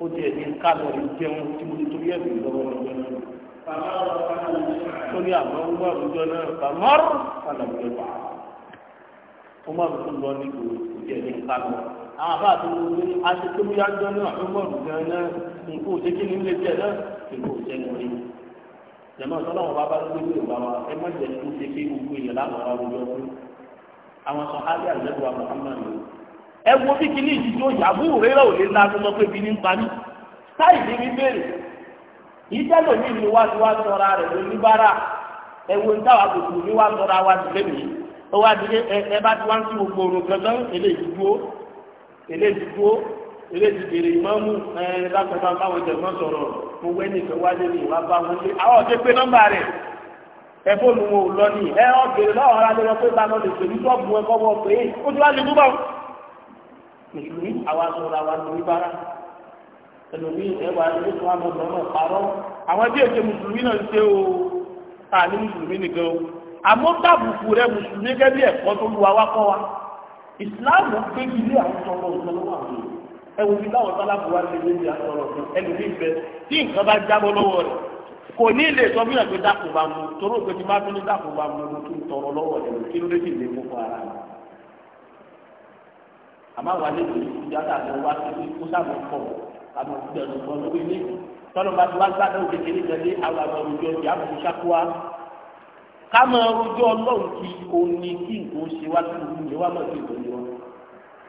ó jẹ ní kálọ̀rì jẹun tí mo torí ẹ̀ bèrè lọ́wọ́ rẹ̀ lọ́wọ́ lórí àmọ́ wọ́n àwùjọ náà bàmọ́rù kálọ̀rì wà wọ́n máa tún lọ ní ìwò kò jẹ ní kálọ̀rì àwọn àbá àti nǹkan òṣèké ní ilé tiẹ̀ náà nǹkan òṣèké ní orí jẹmọ sọlọmọ bá bá ló gbé yorùbá wa ẹ má jẹ kó ṣe pé gbogbo èèyàn láwọn ará ojú ọdún àwọn sọ alẹ àlẹbùwà muhammad ni. ẹ wo bí kinní yìí tó yà mú ńlá tó sọ bí ní ń parí táì ní bí béèrè ìtẹ́lẹ̀ mi ni wá ti wá sọra rẹ̀ ló ní bára ẹ wo táwa kò tù ní wá sọra wá ti lé mi ó wá di ẹ bá ti wá ń sí gbogbo orun gangan ilé ti bèrè ìmọ̀mù ẹ̀ lápẹ̀bá báwọn jẹ̀gbọ́n sọ̀rọ̀ mo wẹ́ nìkan wálé ní ìwà bá wọn lé àwọn ọ̀dẹ́ pé nọ́mbà rẹ̀ ẹ fóònù wọn ò lọ ní ẹ ọ bèrè lọ́wọ́ ara lọ́wọ́ pé bá lọ lè sọ́ọ̀bù ẹ kọ́ wọ́n pé ó ti wá lè dúbọ̀ mùsùlùmí àwa sọ̀rọ̀ àwa lórí bára ẹlòmí ẹwà ẹlòmí àmọ́ ọ̀nà o ta ní mùsùlùmí nìkan o àmọ́ tábùkù rẹ mùsùlùmí gẹ́gẹ́ bí ẹ̀kọ́ tó lu àwa wa ìsìláàmù gbé ilé àwọn ọmọ ìṣẹ́lẹ̀ wà lóyún ẹwù bí táwọn sálábù wá ṣe lé ní àtọ̀rọ̀ fún ẹlòmíì fẹ́ tí nǹkan bá jábọ́ lọ́wọ́ rẹ̀ kò ní lè sọ bí ẹgbẹ́ dàpọ̀ bá mu torí òpè tí bá tún ní dàpọ̀ bá mu mo tún tọrọ lọ́wọ́ rẹ̀ kí ló dé sì lè mú fún ara rẹ̀. àmọ́ àwọn àlejò ìdíjà tàbí wá sí ní kó sábà pọ̀ àmọ́ ìdíjà tó lórí ní tọ́lọ́ bá ti wá gbádẹ́ òkè kékeré tẹ̀lé àwọn àgbà òjò ìyá àbùkù ṣàkóá ká máa rojọ́ ọlọ́run kí òun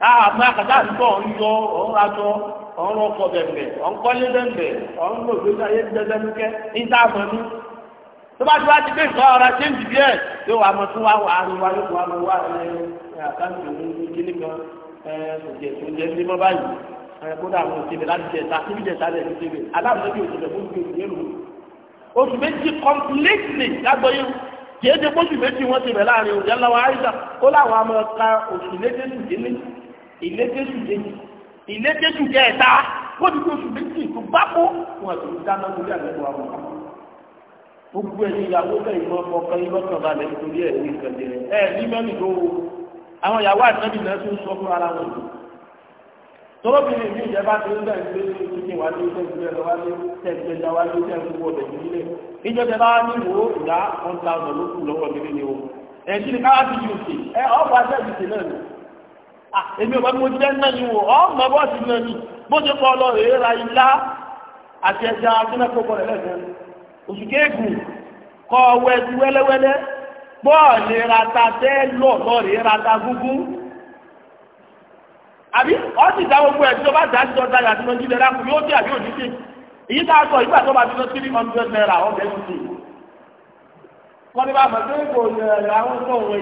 Ah, àmọ́ àkàtà àdúgbò ọ̀hún yọ ọ̀hún aṣọ ọ̀hún ọkọ̀ bẹ̀m̀bẹ̀ ọ̀hún kọ́lé bẹ̀m̀bẹ̀ ọ̀hún lòdì ayé dẹ́dẹ́dẹ́kẹ́ ìdáàbọ̀ ní. tó bá ti wá ti gbé ìtọ́ ọ̀rọ̀ ṣé ń dìbí ẹ̀ tó wàá mọ tó wá wà á wá ló wà ló wà ẹ àkáǹtì òun kíní kan ẹ kò jẹ kò jẹ ní mọ́ báyìí ẹ kódà àwọn òṣèlè láti jẹ ta níbi jẹ ta lẹ ti ṣe aláàbòsí òṣèlè fún mi ò oṣù méjì completely lágbóyè kì í ṣe kóṣù méjì wọn ti bẹ̀ láàrin òjá lọ́wọ́ àìsàn kó láwọn amọ̀ ọ̀ka oṣù méjì nìyí ìlétésù kejì ìlétésù kẹta wọ́n ti tó oṣù méjì tó bá kó wọn àti ìdáná lórí àgbẹ̀wò àwọn ọmọ gbogbo ẹni ìyàwó bẹ́ẹ̀ ìmọ̀ ọkọ ìlọ́kàn balẹ̀ nítorí ẹ̀ ní ìkànnì rẹ̀ ẹ̀ ní mẹ́rin tó wo àwọn ìyàwó àtẹ́bí náà tún sọ fún ara wọn jù tọ́lọ́bìnrin mi ìjẹba ti ń bẹ̀rẹ̀ pé kíkẹ́ wá ní tẹ́gbẹ́ lọ wá ní tẹ́gbẹ́ lọ wá ní tẹ́gbẹ́ wọ ọ̀dẹ̀ nílé ìjọba bá ní wo ìdá one thousand ló kù lọ́wọ́ mi ní o ẹ̀ kí ni káwá ti yù sí ẹ ọ̀pọ̀ àtẹ́bí sí náà Ah, èmi ò bá mo jẹ́ náà ni wò ọ́ mọ bọ́ sí náà ni bó ṣe kọ́ lọ rèé ra ilá àti ẹja akínàkó bọ̀rẹ̀ lẹ́gbẹ̀ẹ́ oṣù kéèkùn kọ́ wẹ́ẹ́sì wẹ́lẹ́wẹ́lẹ́ bọ́ọ̀lì rata tẹ́ lọ lọ́ọ̀rì rata gúgún àbí ọ́sì dá gbogbo ẹ̀ tí ó bá dá sí ọjà yàtí lọ́jú lẹ́lákùn yóò dé àbí òjì sí èyí tá a sọ ìgbà tó bá ti lọ sí ní ọdún náírà ọ̀bẹ̀ ẹ̀ wọ́n ní bá a mọ̀ pé kò yẹ àwọn tó wọ̀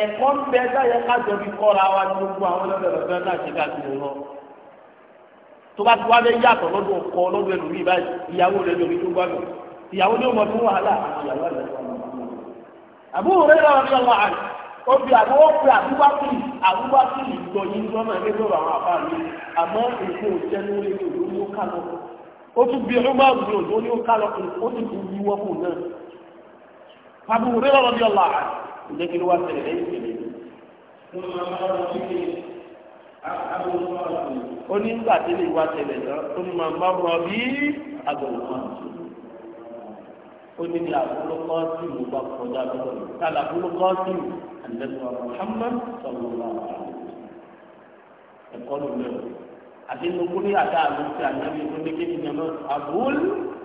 ẹ̀kọ́ ń bẹ sáyẹ kájọ bí kọ́ra wa ní gbogbo àwọn lọ́dọ̀ọ̀dọ̀ láti ká ti wọn. tó bá ti wá bẹ yàtọ̀ lọ́dọ̀ ọkọ lọ́dọ̀ ẹlòmíì báyìí ìyàwó rẹ̀ lórí tó gbàgbọ́ ìyàwó ní ọmọ fún wàhálà ìyàwó rẹ̀ àbúrò rẹ̀ lọ́wọ́ ní ọmọ àná ó fi àbúrò àbúrò Abu Hurairah radiyallahu anhu ǹjẹ́ kí ló wá ṣẹlẹ̀ lẹ́yìn ìṣẹ̀lẹ̀ yìí. ó ní nígbà tí lè wá ṣẹlẹ̀ náà ó ní màmá rọ bí àgbẹ̀wò kan ó ní ní àbúrò kan sí ìlú bá kọjá lọ́wọ́ yìí tá àbúrò kan sí ìlú àlẹ́sọ̀ Muhammad sallallahu alaihi wasallam ẹ̀kọ́ ló lẹ́wọ̀ àti nukuri àti àlùfẹ́ ànábi tó ní kékeré náà àbúrò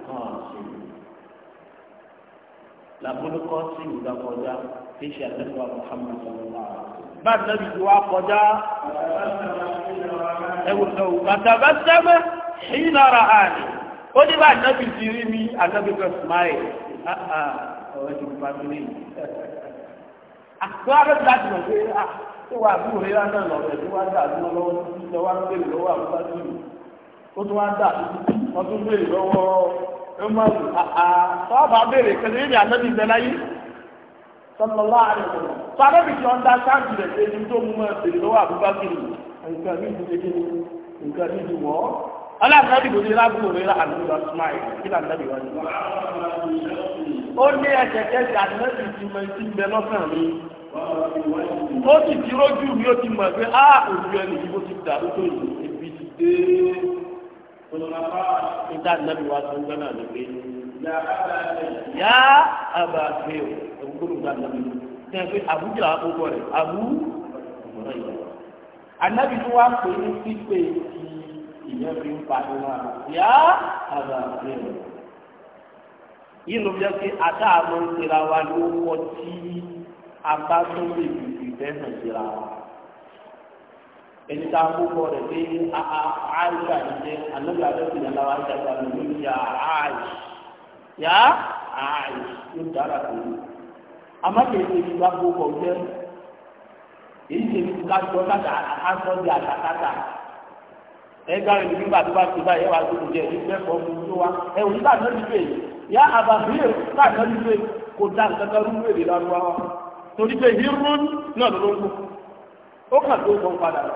kan sí ìlú làbúrú kọ́ sí ìgbà kọjá tí ṣe àtẹ́kọ̀ọ́ Muhammad sọ̀rọ̀lá. bá a nàbì tí wàá kọjá ẹwùsọ̀wù bàtàbà sẹ́mẹ́ èyí lára àní ó ní bá a nàbì ti rí mi ànábì kan smile ọ̀rọ̀ ti bá mi rí. àti wàá bẹ́ẹ̀ láti mọ̀ pé ṣé wàá bí òrera náà lọ́wọ́ ẹ̀ tí wàá dà lọ́wọ́ lọ́wọ́ tí wàá bèrè lọ́wọ́ àbúrò ó tún wàá dà ọdún bèrè lọ́wọ́ Umaru sọ́ọ̀bà béèrè kẹsì ní ànábì ìbẹ̀láyé sọ́lọ́lá àrẹ̀kọ̀. Sọ́ọ̀bà ti ọ̀dà sáàbì rẹ̀ pé ní tó mú mọ́ ẹ̀sìn lọ́wọ́ àbúbákiri. Nǹkan ní ìdíje kí ni nǹkan ní ìdíwọ́. Ọlọ́àbí kò ní lábúrò rẹ̀ àdúgbò Ismail kí ni ànábì wá ní. Ó ní ẹsẹ̀ kẹsì ànábì ti mọ etí bẹ lọ́sàn mi. Ó sì ti rójú mi ó ti mọ̀ pé á ah, òjò ẹnì níta nàbí wa tó ń gbẹ́nà ló pé yá àbá gbé o ẹ̀kúrò níta nàbí tẹ̀ pé àbújá wa kó bọ̀ rẹ̀ àbú ọ̀rọ̀ yìí anabi tó wá pè ní pípé tí ìyẹn fi ń pariwo wa yá àbá gbé o yìí ló jẹ́ pé àtàwọn ìlera wa ló wọ́ tí a bá tó lè fi fìfẹ́ hàn síra wa ẹni tá a kó bọ̀ rẹ̀ pé àìsà yìí jẹ́ ànágbà tó ti dàgbà wáyé dàgbà lórí ìyá àìsà yá àìsà yóò dára tó yìí. amákè ètò ìgbà kó bọ̀ jẹ́ èyí ṣe ká sọ káta àkásọ di àtàkátà ẹgbẹ́ rẹ̀ nígbà tó bá ti bá yẹ wá tó kù jẹ́ ìgbẹ́ kọ́ mu tó wá ẹ̀ òní bá tọ́jú pé yá àbàbíyè bá tọ́jú pé kò dá nǹkan kan rúwèé lọ́wọ́ torí pé hírún náà ló ń kó ó kàn tó kọ́ padà lọ.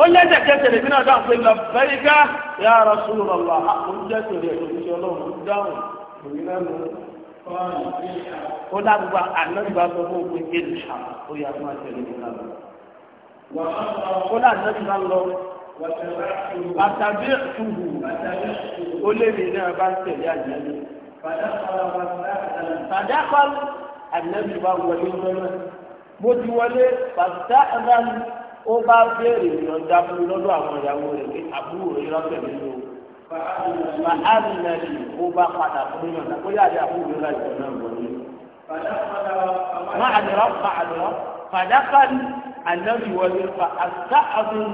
ó lẹ́sẹ̀kẹsẹ̀ lè bínú ọ̀dọ́ àpè lọ fẹ́ríkà ya Rasulullah àkójẹ́ ah, tòlẹ̀ òṣìṣẹ́ ọlọ́run dáhùn òyìnbó ó dábùbà ànábìbà sọ fún òpin kéde ṣá ó yà fún àṣẹ lè nínú àlọ́ ó dá ànábìbà lọ bàtàbí ṣubú ó lé mi náà bá ń tẹ̀lé àjẹ́lẹ̀ tàdákọ́ ànábìbà wọlé mọ́lẹ́ mo ti wọlé bàtà ẹ̀rọ ó bá béèrè ìyọ̀ǹda fún mi lọ́dọ̀ àwọn ìyàwó rẹ̀ pé àbúrò rẹ̀ lọ́sẹ̀ mi ló fa àmìnàlì ó bá padà fún mi yọ̀ǹda ó yà á dé àbúrò rẹ̀ láì sọ̀rọ̀ náà wọlé. má àdìrọ́ má àdìrọ́ fàdákàlì ànábì wọlé fa àṣà àdùn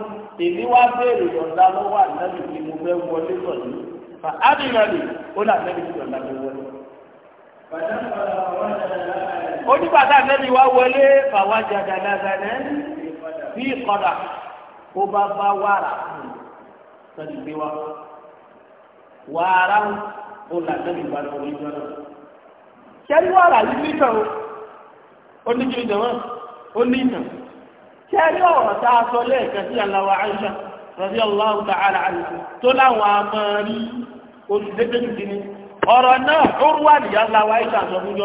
èmi wá béèrè ìyọ̀ǹda lọ́wọ́ ànábì tí mo fẹ́ wọlé sọ̀rọ̀ fa àmìnàlì ó lọ ànábì tí bí ìkọ̀dà ó bá bá wàrà sọ́ni gbé wa wàrà ó là sẹ́ni ìgbà tó ní jọ́nà. sẹ́ni wàrà yìí ní ìtàn ó ní kí ìjọba ó ní ìtàn sẹ́ni ọ̀rọ̀ tá a sọ lẹ́ẹ̀kan sí aláwa Aisha rọ̀bí ọlọ́run tààlà àlùkò tó láwọn kìíní náà nìyá aláwa Aisha sọ fún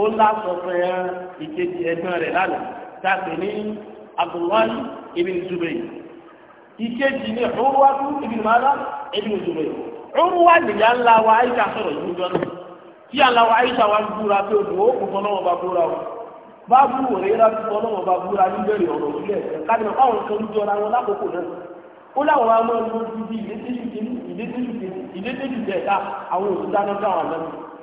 ó lásọ fún ẹ ìkejì ẹ̀gbọ́n rẹ̀ lánàá dáàbò ní abdullahi ibn zubayr ìkejì ní ọrùwàtú ibn mada ibn zubayr ọrùwà nìyà ńlá wa aisha sọ̀rọ̀ yìí jọ náà tí àlá wa aisha wa ń búra pé òdò ó kún fọlọ́wọ́ bá búra o bá bú òrè rà fọlọ́wọ́ bá búra níbẹ̀rẹ̀ ọ̀rọ̀ sílẹ̀ káàdìmọ̀ káwọn kan jọra wọn lákòókò náà ó láwọn amọ̀ ẹ̀mọ́ ti di ìdédéjú kejì ìdédéjú kejì ìdédéjú kẹta àwọn òṣìṣẹ́ náà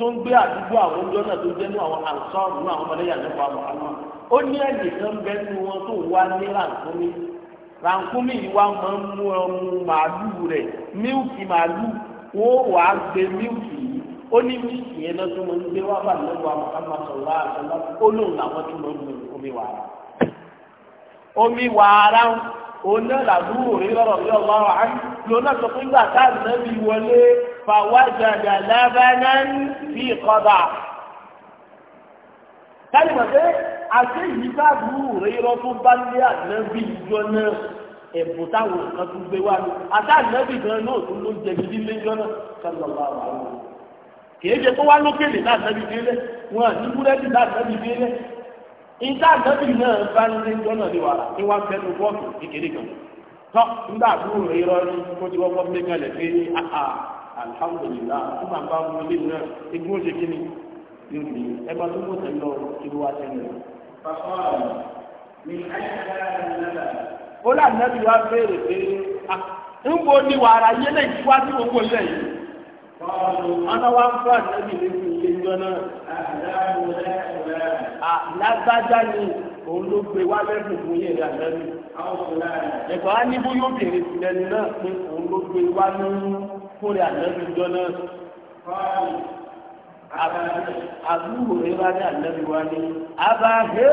tó ń gbé àdúgbò àwọn ọjọ́ náà tó jẹ́ nú àwọn àǹsọ́ọ̀rù nú àwọn ọmọdé yàtọ̀ fún àwọn àmọ́ ó ní ẹ̀jẹ̀ kan bẹ́ nu wọn tó wá ní ràǹkúmí ràǹkúmí yìí wá máa ń mú ọmú màálù rẹ̀ mílkì màálù ó wà á gbé mílkì yìí ó ní mílkì yẹn náà tó máa ń gbé wá bá lọ́wọ́ àwọn àmọ́sọ̀rọ̀ àtọ́lá ó lóun làwọn tó máa ń mu omi wàrà omi wàrà òun náà làbúrò rí lọ́rọ̀ bí ọlọ́rọ̀ á lóun sọ fàwájàdà lábánà fi kọ́dà. káyọ̀ mọ̀ pé àti èyí bá burú rírọ́ tó bá lé ànábì ìjọ náà ẹ̀bùn táwọn kan tún gbé wá ní àti ànábì gan náà tún ló jẹ gidi léjọ́ náà sọ́dọ̀ bá wà lọ. kì í ṣe tó wá lókèlè láti ànábì délé wọn àti búrẹ́dì láti délé ìta àtẹ́bí náà bá ń lé jọ́nà lè wà ní wọ́n fẹ́ ló bọ́ọ̀kì kékeré kan tọ́ nígbà àbúrò rẹ̀ ní kó ti wọ́pọ̀ alhamdulillah tí bàbá wọn lé náà egun ó ṣe kí ni yóò di ẹ bá tó gbọ́dọ̀ lọ kí ló wá tẹ́lẹ̀. bàbá mi àyíká nàlá. ó là nàbí wá béèrè pé ń bo ni wàrà yé lè wá sí gbogbo ilẹ̀ yìí. ọ̀nà wa ń fún àtẹ́bí lẹ́sìn ilé ìjọ náà. àlágbájá ni òun ló gbé wá lẹ́bùn fún yẹn àtẹ́bí. ẹ̀kọ́ á ní bóyá obìnrin tìlẹ̀ náà pé òun ló gbé wá ní kórè ànábi jọ náà. Àbúrò rẹ̀ wá ní ànábi wá ní. Abáhé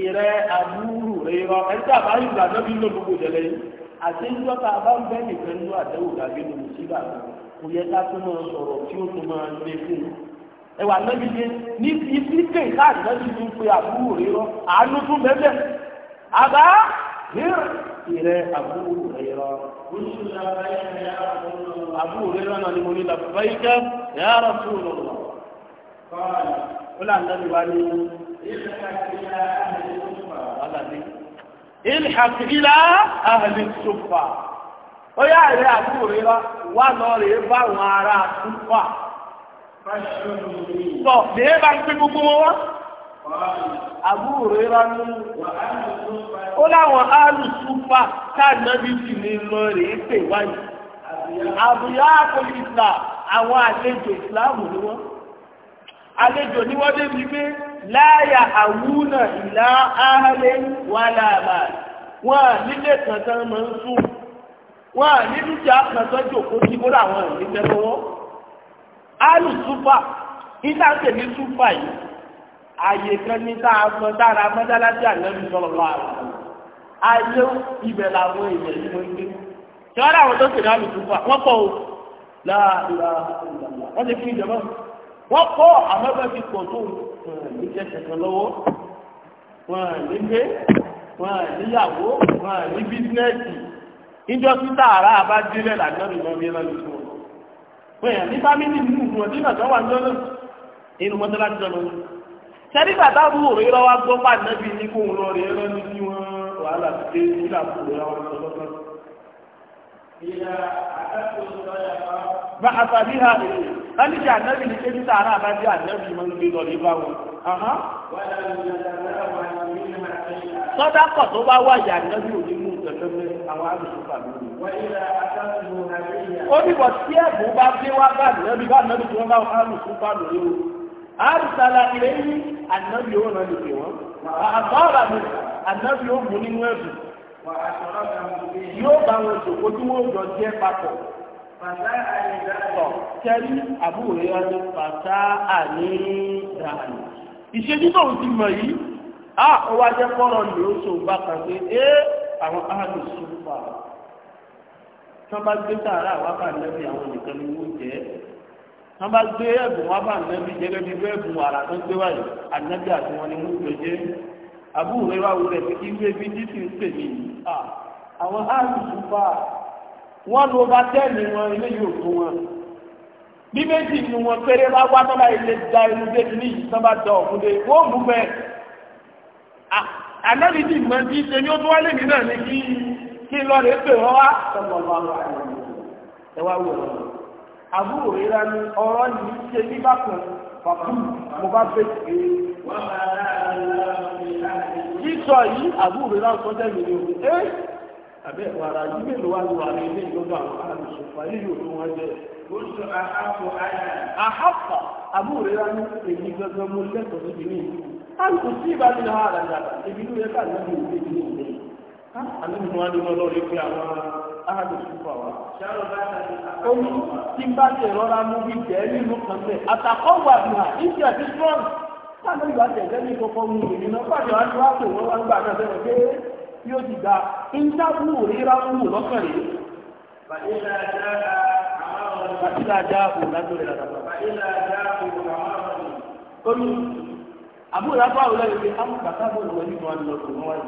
ìrẹ́ àbúrò rẹ̀ wá. Ẹ̀sìn àbáyé ìgbà náà bí ló gbogbo ìṣẹ̀lẹ̀ yìí. Àti ń jọ́ta bá ń bẹ́ nìkan nínú àdéhùn tàbí nínú síbà. Kò yẹ ká tún máa sọ̀rọ̀ tí ó tún máa lé fún un. Ẹ wà lẹ́bi yé ní ibi kéèká àdéhùn ti ń pe àbúrò rẹ̀ rọ. Àánú tún bẹ́ẹ̀ bẹ́ẹ̀. Àbá ìrẹ Abu Hurairah. Abu Hurairah náà ni mo ní labbaika ya Rasulullah. ó là ń dábì wá ní. ilhaq ila ahli sufa. ó yá ìrẹ Abu Hurairah wà lọ rèé bá àwọn ará sufa. sọ bẹ́ẹ̀ bá ń pẹ́ gbogbo wọn wá. Abu Hurairah ní ó láwọn alùsùfà táàdínàbí sì ní lọ rèé pè wáyé àbúyá àpòlìsà àwọn àlejò ìsìláàmù ni wọ́n àlejò ni wọ́n débi pé láyà àwúnà ìlà áhálẹ́ wà láàbà wọ́n nílé kàntán máa ń sùn wọ́n ní dúkìá kàntán jòkó tí kó láwọn ìlú tẹ́lọ́wọ́ alùsùfà ìtàkè ní sùfà yìí ààyè kan ní tá a sọ dára mọ́sálásí ànábì sọ̀rọ̀ lọ́wọ́ àwọn ayé ibẹ̀ làwọn èèyàn yìí wọ́n gbé tí wọ́n dáwọn tó kéde àlùkù fà wọ́n pọ̀ o láàdúrà wọ́n ti fi ìjọba wọ́n pọ̀ àmọ́ bẹ́ẹ̀ fi pọ̀ tó ní kẹsẹ̀ kan lọ́wọ́ wọn ní gbé wọn níyàwó wọn ní bísínẹ́sì níjọ́ tí tààrà bá délẹ̀ làdúrà bí ẹ fún wọn. wọ́n yẹn ní fámìlì nínú wọn sẹ́ni bàbá bú òrè lọ́wọ́ gbọ́ pà nẹ́bí ní kóhun rẹ̀ ní wọn wàhálà ti dé nílà kúrò àwọn ọ̀sọ̀lọ́sọ̀. ìyá àtàkùn bá a fà níhà èyí láti ṣe ànẹ́bí ní kébí sàárà bá jẹ́ ànẹ́bí máa ń gbé lọ rí bá sọ́dá kọ̀ tó bá wà yà ànẹ́bí òní mú kẹ̀kẹ́ mẹ́ àwọn ó ní bọ̀ tí ẹ̀bùn bá dé wá bá ànẹ́bí bá ànẹ́bí tí wọ́n bá àrùsàlà ilẹ̀ yìí ànábì ó náà lè pè wọ́n àbára mi ànábì ó mú nínú ẹ̀bùn yóò bá wọn ṣòkó tí wọ́n jọ jẹ́ papọ̀ kẹrí àbúrò yẹn ni pàtà àní ìṣèjú tó ti mọ̀ yìí á wá jẹ́ kọ́rọ̀ ní oṣù bákan pé é àwọn áàlù sùn fà gbé sàárà wákàtí lẹ́bi àwọn nìkan ni wọ́n jẹ́ wọ́n bá gbé ẹ̀bùn wá bá ànábì gẹ́gẹ́ bí bẹ́ẹ̀bùn wàrà tó ń gbé wáyé ànábì àti wọn ni wọ́n ń gbèjé àbúrò rẹ wá wúlẹ̀ pé kí wé bí dísì ń pè mí àwọn áàlù sùpà wọ́n lo bá tẹ́ẹ̀lì wọn ilé yóò tó wọn bí méjì nu wọn péré bá wá tọ́lá ilé da inú dé ní yìí tán bá da ọ̀fun dé wọ́n mú bẹ́ẹ̀ ànábì ti mọ̀ bí ṣe ni ó tún wá lè mí náà ní kí kí lọ́ọ̀rẹ́ pè wọ́n wá ẹ wá wù ọ́ àbúrò rírá ní ọ̀rọ̀ yìí ṣe ní bákan pàpù mo bá bẹ̀ sí i. sísọ yìí àbúrò rírá ń sọjá mi ní o ẹ eh, àbẹ wàrà yìí mélòó wà ní ilé ìjọba àwọn yìí yóò tó jẹ. oṣù àhàfọ àyà. àhàfọ àbúrò rírá ní èyí gangan mo lẹ́tọ̀ọ́ síbi ní ìlú. sí ní ahadu sufa wa. ó ní tí n bá tẹ rọra mú bí jẹ́ nínú kan bẹ́ẹ̀. àtàkọ́ wà nà ìdí àti strong. sáà lóyún àti ẹ̀jẹ̀ ní kọ́kọ́ mú mi nínú pàdé wá sí wá pè wọ́n wá gbà náà bẹ́ẹ̀ pé yóò ti gba ìjábù ríra mú lọ́kàn rèé. bàtí ìlàjà bàtí ìlàjà kò lágbèrè lọ́dọ̀. bàtí ìlàjà kò kàmá àbúrò lápá òun lẹ́yìn pé àwọn bàtà bọ̀lù wọn nínú àlọ́ tó wọ́n wáyé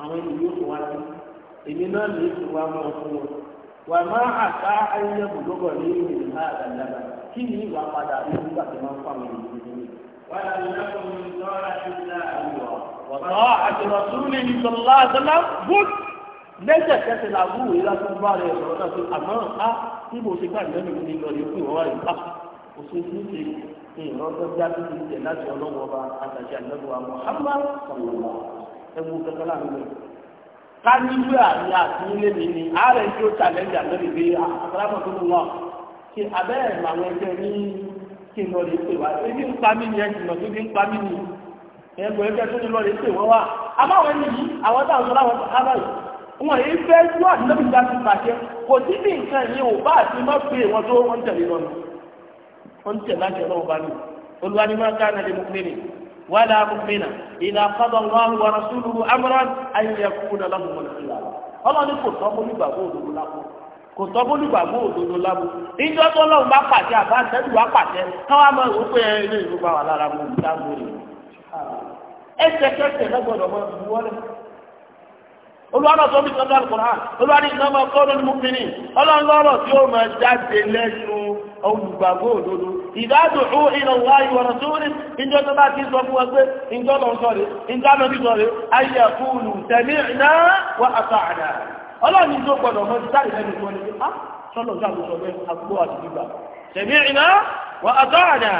àwọn ènìyàn yóò èmi náà lè fi wá mọ fún wọn wà má àká ayẹyẹ gbogbo ní ìlú náà àgbàlagbà kí ni ìwà padà ní nígbà tó máa ń fà mí lójú mi. wà á lè lọ́kùn mi lọ́ra sí ilá àlùwọ̀. ọ̀tọ̀ àti rọ̀túnlẹ̀ ní sọ̀lá àdọ́lá gùn lẹ́sẹ̀kẹsẹ̀ la wú ìlà tó bá rẹ̀ sọ̀rọ̀ náà pé àmọ́ á tí mo ṣe gbàgbé mi ní lọ yẹ kó ìwọ́n wá ìgbà òṣèlú ṣe ìrọ́gbọ́n jáde ti tẹ̀ láti ọlọ́wọ́ ọba àtàṣà ka àti àtúnlé mi ni ààrẹ tí ó challenge àlọ́lẹ̀ gbé ah, àkàràmọ̀ tó ṣe abẹ́rẹ́ màwọn ẹgbẹ́ ní kí n lọ lè pè wá ebi ń pa mí ni ẹ tó fi ń pa mí ni ẹgbẹ́ ẹgbẹ́ tó ní lọ lè pè wọ́n wá àbáwọn ẹni yìí àwọn táwọn sọlá wọn yìí wọn fẹ́ àdínlẹ́bí ti pàṣẹ kò sí bí nǹkan yìí ò bá àti má pè wọn ولا مؤمنا إذا قضى الله ورسوله أمرا أن يكون لهم الخيار ọlọ́run ní kò tọ́gbọ́n nígbàgbọ́ òdodo kò tọ́gbọ́n nígbàgbọ́ òdodo lábọ́ níjọ́ tó lọ́run bá pàṣẹ àbá wá pàṣẹ káwá máa wò pé ìlú bá wà lára ní dáàbò rẹ̀ ẹsẹ̀ kẹsẹ̀ lọ́gbọ̀dọ̀ wọlé tó ń bí sọ́dọ̀ máa kọ́ lónìí mú ọlọ́run lọ́rọ̀ tí ó máa jáde lẹ́nu ìdádò ó ilẹ̀ wá ìwọ̀ rọ̀túnrin ìjọ tó bá ti sọ fún wọn pé ìjọ lọ sọ rẹ̀ ìjọ lọ sí sọ rẹ̀ ayé kúlù tẹ̀lé iná wà àtà àdá ọlọ́run ìjọ gbọdọ̀ mọ́ ti sáré lẹ́nu tó ní á sọ́lọ̀ sáà ló sọ bẹ́ẹ̀ agbó àti gbígbà tẹ̀lé iná wà àtà àdá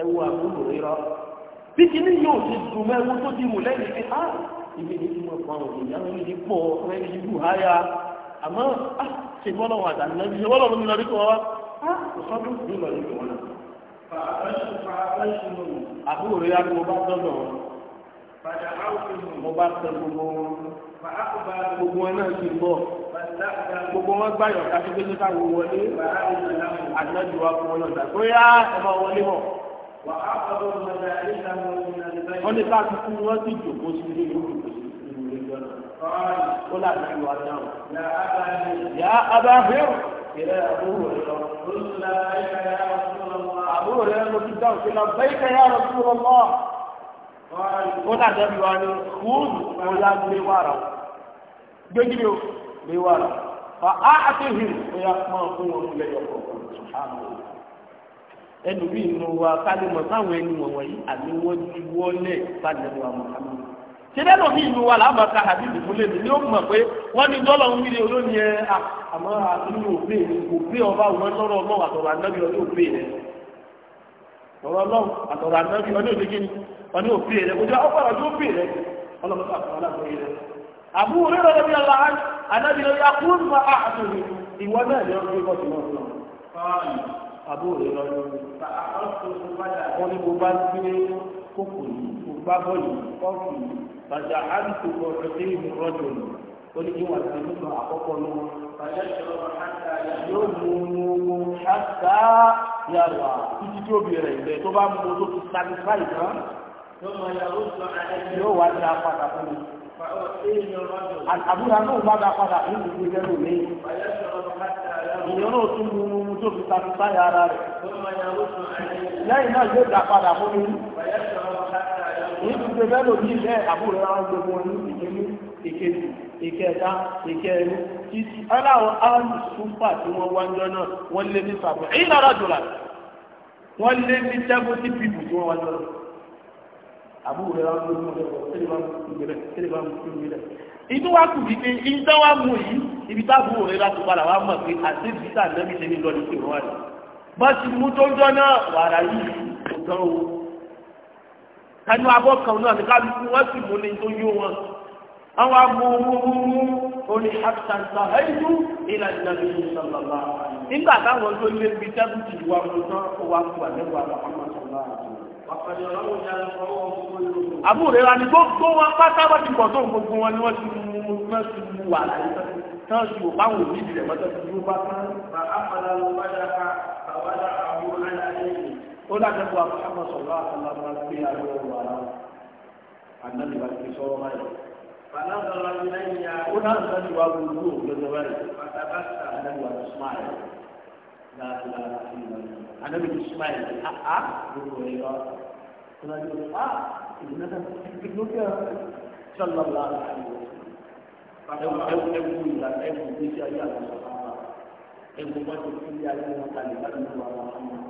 ẹwù pé á ah, ibi ọ̀sọ́dún ní ìlọ ìlú wọn àbúrò rẹ̀ yá ni mo bá tọ́jọ́ wọn mo bá tẹ gbogbo wọn gbogbo wọn náà ti bọ̀ gbogbo wọn gbáyọ̀ kájúgbéjú káwọ wọlé ànájú wa fún wọn náà tó yá ẹ máa wọlé mọ̀ wọ́n ní káàkiri fún wọn sì á bá إلى أبو هريرة قلت لبيك يا رسول الله أبو هريرة قلت لبيك يا رسول الله قال قلت أدب يعني خذ ولا بوارا جدي بوارا فأعطهم ويقمع قوة إليه سبحان الله ẹnu bí inú wa kálí mọ sáwọn ẹni wọn wọ̀nyí àbí wọn ju wọlé sálẹ wa mọ sáwọn. síbẹ̀ náà ní ìlú wa ka ká àbíbì fún lèmi ni ó mọ̀ pé wọ́n ní dọ́là ń wíri olóni ẹ àmọ́ òbí òbí ọba òun lọ́rọ̀ ọmọ àtọ̀rọ̀ ànábì ọdún òbí rẹ ọ̀rọ̀ ọlọ́run àtọ̀rọ̀ ànábì ọdún òbí kíni ọdún òbí rẹ kò jẹ́ ọgbàrá tó òbí rẹ ọlọ́run rẹ bí ọlá ma ìwọ náà lọ. pápọ̀ yìí kọ́ọ̀kì yìí bàtà àbùkù ọ̀rọ̀ sí ìmúrọ̀jò ni ó ní kí wọ́n ti nígbà àkọ́kọ́ ní wọn. bàtà ìṣòro àtà yóò mú mú mú àtà yàrá títí tí ó bẹ̀rẹ̀ ìgbẹ́ tó bá mú tó ti satisfy náà. yóò wá ní apàtà fún mi. àbúrò àná òun bá padà ní ìlú ìjẹ́rù mi. ìyọ́nà òtún mú mú tó fi satisfy ara rẹ̀. lẹ́yìn náà yóò dá padà fún mi gbé mẹ́lò ní ilẹ̀ àbúrò àwọn gbogbo wọn ní ìkíní ìkejì ìkẹta ìkẹrin títí aláwọ̀ áàlù súpà tí wọ́n wá ń jọ náà wọ́n lé ní sàbọ̀ èyí lára jùlọ wọ́n lé ní seventy people tí wọ́n wá jọ náà àbúrò àwọn gbogbo wọn lọ́wọ́ tẹ́lẹ̀ bá ń gbẹ̀rẹ̀ tẹ́lẹ̀ wa kù wípé ìdá wa mú yìí ibi táàbù rẹ láti padà wá mọ̀ pé àti bísà lẹ́bi ṣe ní lọ́dún tó wà ní. bá ti mú tó ń jọ náà wàrà yìí kò tán o ẹnu abọ́ kan náà ní kálukú wọ́n sì mú ní tó yó wọn àwọn amúhùhùhù oní àtàntà ẹ̀dú ìlànà nàbí sọlọ́lá nígbà táwọn tó lé bi dábùtì wà fún náà ó wà fún àdébò àlàkàmà sọlá àbúrò rẹ̀ ni gbogbo wọn pátá wọ́n ti pọ̀ tó gbogbo wọn ni wọ́n ti mú wọ́n ti mú wà láyé náà ti wò báwọn òbí rẹ̀ mọ́tò ti dúró bá tán. bàbá àpàlà ló bá dára bàbá dára àwọn aláìlẹ̀ ó láti wà Muhammad sọ̀rọ̀ àtàlámà pé àwọn ọ̀rọ̀ ara ànábì wa ti sọ̀rọ̀ báyìí. Bàbá sọ̀rọ̀ ní lẹ́yìn ya. Ó náà sọ ti wá gbogbo ògbẹ́gbẹ́ báyìí. Bàbá bá sà ànábì wa ti smile. Dáadáa ti lọ. Ànábì ti smile. Àá gbogbo rẹ̀ lọ. Ó náà yóò fà á. Ìdílé náà ti gbogbo ẹ̀ sọ̀rọ̀ láàrín àyè. Ẹ̀wù ẹ̀wù ìlà ẹ̀wù ìgbésí ayé àwọn sọ̀rọ̀ àwọn. Ẹ̀wù wọn ti fi ayé wọn kalẹ̀ láti lọ àwọn ọmọ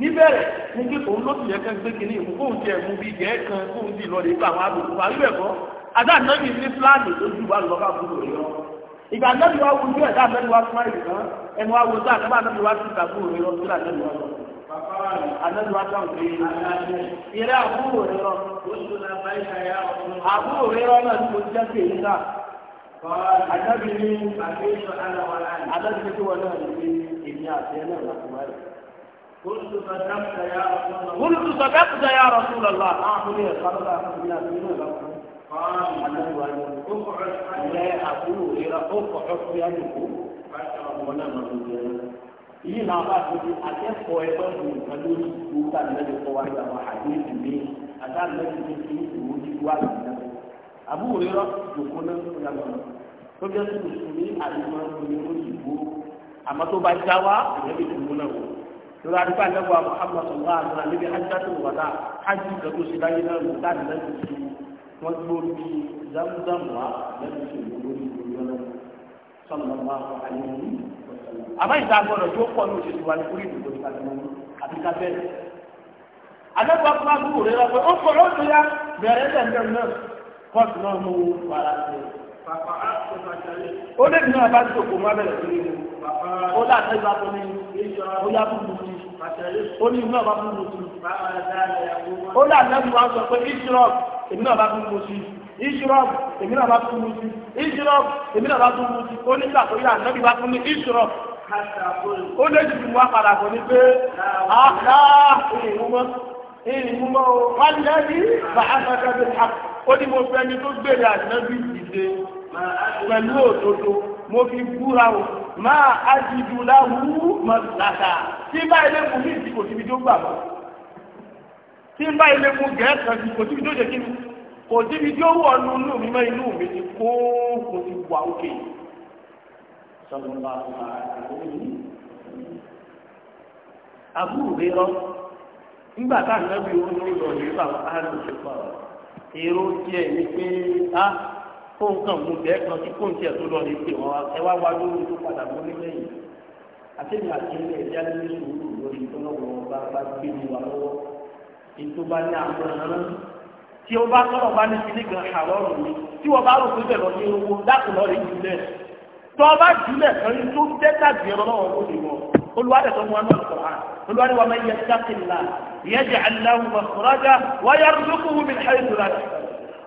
níbẹ̀rẹ̀ ní pé òun ló tilẹ̀ kan gbé kínní ìwò kóun tiẹ̀ mú bí gẹ̀ẹ́ kan kóun ti lọ lè gba àwọn àbùkù wa níbẹ̀ kọ́ àdá nàbì ní fúlàní tó ju wa lọ bá gbúdọ̀ yọ. ìgbà nàbì wa wo ju ẹ̀dá nàbì wa fún àyè kan ẹnu wa wo sáà kábà nàbì wa ti ta gbúdọ̀ yọ sílẹ̀ nàbì lọ. Anabi wa kan fi yẹrẹ àbúrò rẹ lọ. Àbúrò ni pé èyí náà. Anabi ni èmi àti ẹ náà láti wáyé. قلت صدقت يا رسول الله أعطني الخبر أخذنا منه قال أقعد لا أقول إلى أقعد بأنكم yìí náà bá ti di akẹ́kọ̀ọ́ ẹgbẹ́ ìlú kan lórí ìlú tá a lẹ́nu kọ́ wáyé àwọn àdéhùn mi àti àlẹ́nu tó ti ní ìwé ojú wa lè nà. àbúrò yọrọ jòkó náà ń fúnra lọ tó jẹ́ sùkùsù ní àdéhùn ọ̀hún ní orí ìlú àmọ́ tó bá já wa ìyẹn lè dùn mọ́ náà wọ̀ lórí adigun anagba muhammad sallallahu alaihi wa sallam níbi hajjatul wada hajj gbẹdọ sí láyé náà ló dáàbò náà ti tu wọn gbó bí zamzam wa lẹ́nu tó ló lórí ìlú náà sallallahu alaihi wa sallam. àmọ́ ìta gbọ́dọ̀ tó pọ̀ ní òṣèlú wa ní kúrò ìdìbò ìta lọ́wọ́ àbí ká bẹ́ẹ̀. anagba fúlàgbù rẹ̀ lọ́pẹ́ ó kọ̀ lọ́sọ̀ ya bẹ̀rẹ̀ tẹ̀lé ó lè bí náà bá ti òkú máa bẹ̀rẹ̀ sí ewu ó láti ẹgbà tó ní ó yá fún mi sí ó ní inú ọba fún mi sí ó láti ẹgbà wá sọ pé israel èmi náà bá fún mi sí israel èmi náà bá fún mi sí israel èmi náà bá fún mi sí ó nígbà tó yà nẹ́bí bá fún mi israel ó lè jù wá padà kò ní pé àhá ìrìnmọ́ ìrìnmọ́ wọ́n lẹ́yìn bàá fẹ́ fẹ́ bí i ó ní mo fẹ́ ni tó gbèrè ànábì dìde pẹ̀lú òdodo mo fi búra o máa ájídù láwù mọ̀tàkà tí bá ilé mu ní ìdí kò síbi tó gbà mọ́ tí bá ilé mu gẹ̀ẹ́sán ti kò síbi tó jẹ́ kí ni kò síbi tó wọ̀ nù nù mímọ́ inú mi ti kó kò ti wà òkè sọ̀rọ̀ bá wà àwọn ènìyàn àbúrò rẹ̀ rọ́ nígbà táwọn ẹbí orin lọ sí ìgbà wọn á lọ sí ìgbà èrò tiẹ̀ ni pé á ah, kó nǹkan mú bẹ́ẹ̀ kan tí kó nǹkan tó lọ lè pè wọ́n ẹ wá wá lórí tó padà mú nílẹ̀ yìí àtẹ̀mí àti ilé ẹ̀dá ní sùúrù lórí ìtọ́lọ́wọ́ bá bá gbé mi wà lọ́wọ́ ètò bá ní àwọn ọ̀ràn tí o bá sọ̀rọ̀ bá ní kíní gan àrọ́rùn mi tí wọ́n bá rò pé bẹ̀rẹ̀ ní owó dákùnlọ́ rẹ̀ jùlẹ̀ tọ́ bá jùlẹ̀ kan tó dẹ́ta jùlọ lọ́wọ́ olùwárí wa máa yẹ sákìlá yẹ́dì aláwọ̀ mọ̀kúrájà wáyà rúdúkúwù mi ṣáìtù rà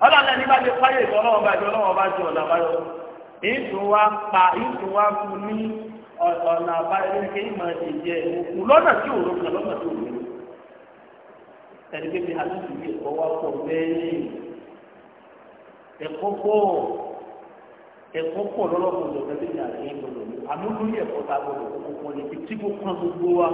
ọlọ́run ẹni bá ti fáyé ìfọlọ́wọ́ bá jọ ọlọ́wọ́ bá jọ ọ̀nà àbáyọ ìtù wa pa ìtù wa fún ní ọ̀nà àbáyọ kí ìmọ̀ ìjẹ òkú lọ́nà tí òru kan lọ́nà tí òru ẹni pé mi àtúntò yìí ẹ̀kọ́ wa pọ̀ bẹ́ẹ̀ ẹ̀kọ́ pọ̀ ẹ̀kọ́ pọ̀ lọ́lọ́kùnrin lọ́dọ̀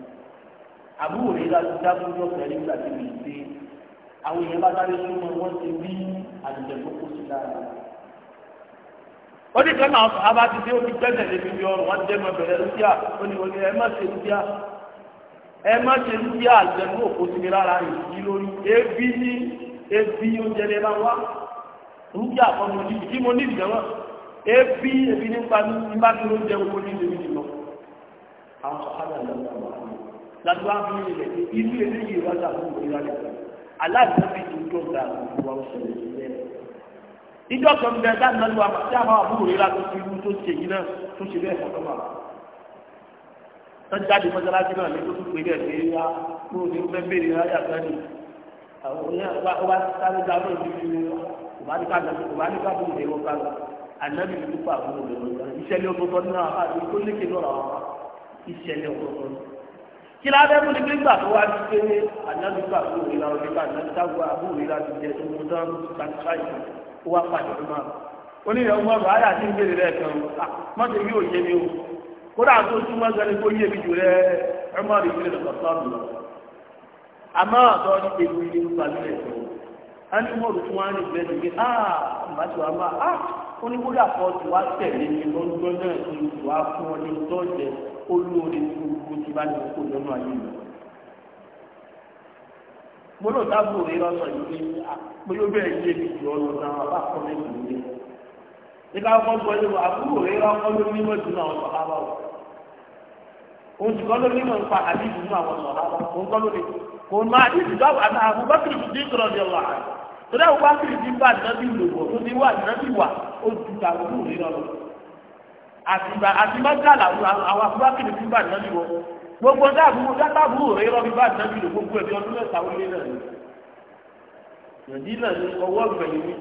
àbúrò rẹ̀ láti dábòjọ́ pẹ̀lú ìgbà tí mi ṣe àwọn èèyàn bá sáré súnmọ́ wọ́n ti rí àlùjẹ̀kọ́ kó sí lára. ó ní kan náà sábà ti dé ó ti gbẹ́sẹ̀ lé mi ọrùn wọ́n jẹ́ mọ́ bẹ̀rẹ̀ lúdíà ó ní wọlé ẹ má ṣe lúdíà ẹ má ṣe lúdíà àlùjẹ̀kọ́ kó sí lára ìdí lórí ebi ní ebi oúnjẹ lè máa wá lúdíà kan mo ní mo ní ìjẹ́wọ́ ebi ebi nípa nípa tí oúnjẹ owó ní ìdí mi jùlọ láti wá fi ilẹ̀ pé inú eléyìí wájà fún òwúrọ̀ rẹ̀ aláìsàn fi ti tó ga ìwà òṣèlú sílẹ̀. ìjọ kan bẹ dáná lu àpàtì àwọn àbúrò rẹ̀ láti fi irú tó ṣe yìí náà tó ṣe bẹ́ẹ̀ fọ́tọ́ wà. sọ́jà di mọ́sálásí náà ní tó tún pè é pé wá kó o ní fẹ́ béèrè ráyà sẹ́ni. àwọn oníyàwó wa sáré dáná ní ìlú ìbáníkà àbúrò rẹ̀ wọ́n ká lọ. ànábì ìlú pa àbúrò rẹ̀ wọ́n ká lọ. ìṣẹ̀lẹ̀ ọ̀tọ̀ọ̀tọ̀ náà àti ìkólé kí la bẹ́ẹ̀ fún nígbà nígbà tó wá ti pé ní ànágbègbà tó wù ìlà òdìgbà ànágbègbà àbúrò ìlà ti jẹ tó mú dán sáńsáì ó wá pàdé fún máa oníyàn ń gbọ́dọ̀ ayé àti ìbéèrè rẹ kan mọtò yìí ò yé mi o kódà tó súnmọ́ sani kó yé mi jù rẹ ẹmọ rẹ ìbílẹ̀ lọ́sọ̀ sọ́ọ̀bù lọ àmọ́ ọ̀dọ́ ní ewu ilé ń gbà nílẹ̀ tó a ní mọ̀rù tí wọ́n ní ìbílẹ̀ ah, ah, ó ní kódà kọ́ tí wàá tẹ̀lé ní lọ́dún náà tó wàá fún ọ ní tọ́jẹ́ ó lóore ní gbogbo tí bá ní kó lọ́nà ayé lọ. mo lọ dábò rẹ lọ́sọ̀ yìí pé àpéjọ bẹ́ẹ̀ yé mi jù ọ́ lọ náà wà bá kọ́ mẹ́tò mi. nígbà kọ́ gbọ́ yóò àbúrò rẹ lọ́kọ́ ló ní mọ́tò náà wọ́n sọ̀rọ̀ bá wọ̀. òun sì kọ́ ló ní mọ̀ nípa àdìsí nínú àwọn sọ̀rọ̀ bá òun kọ́ ló ní. kò má àdìsí bá wà náà àbúrò bá kìlì dín kúrọ̀ ní àtìgbà àtìmọ́gàlà àwọn afúrákìlì fún bàtà bí wọn gbogbo dáàbò dáàbò rẹ rọbì bàtà bí wọn gbogbo ẹbí ọdún mẹ́ta ó lé náà ni yòdì náà ni ọwọ́ gbẹ̀yìn mi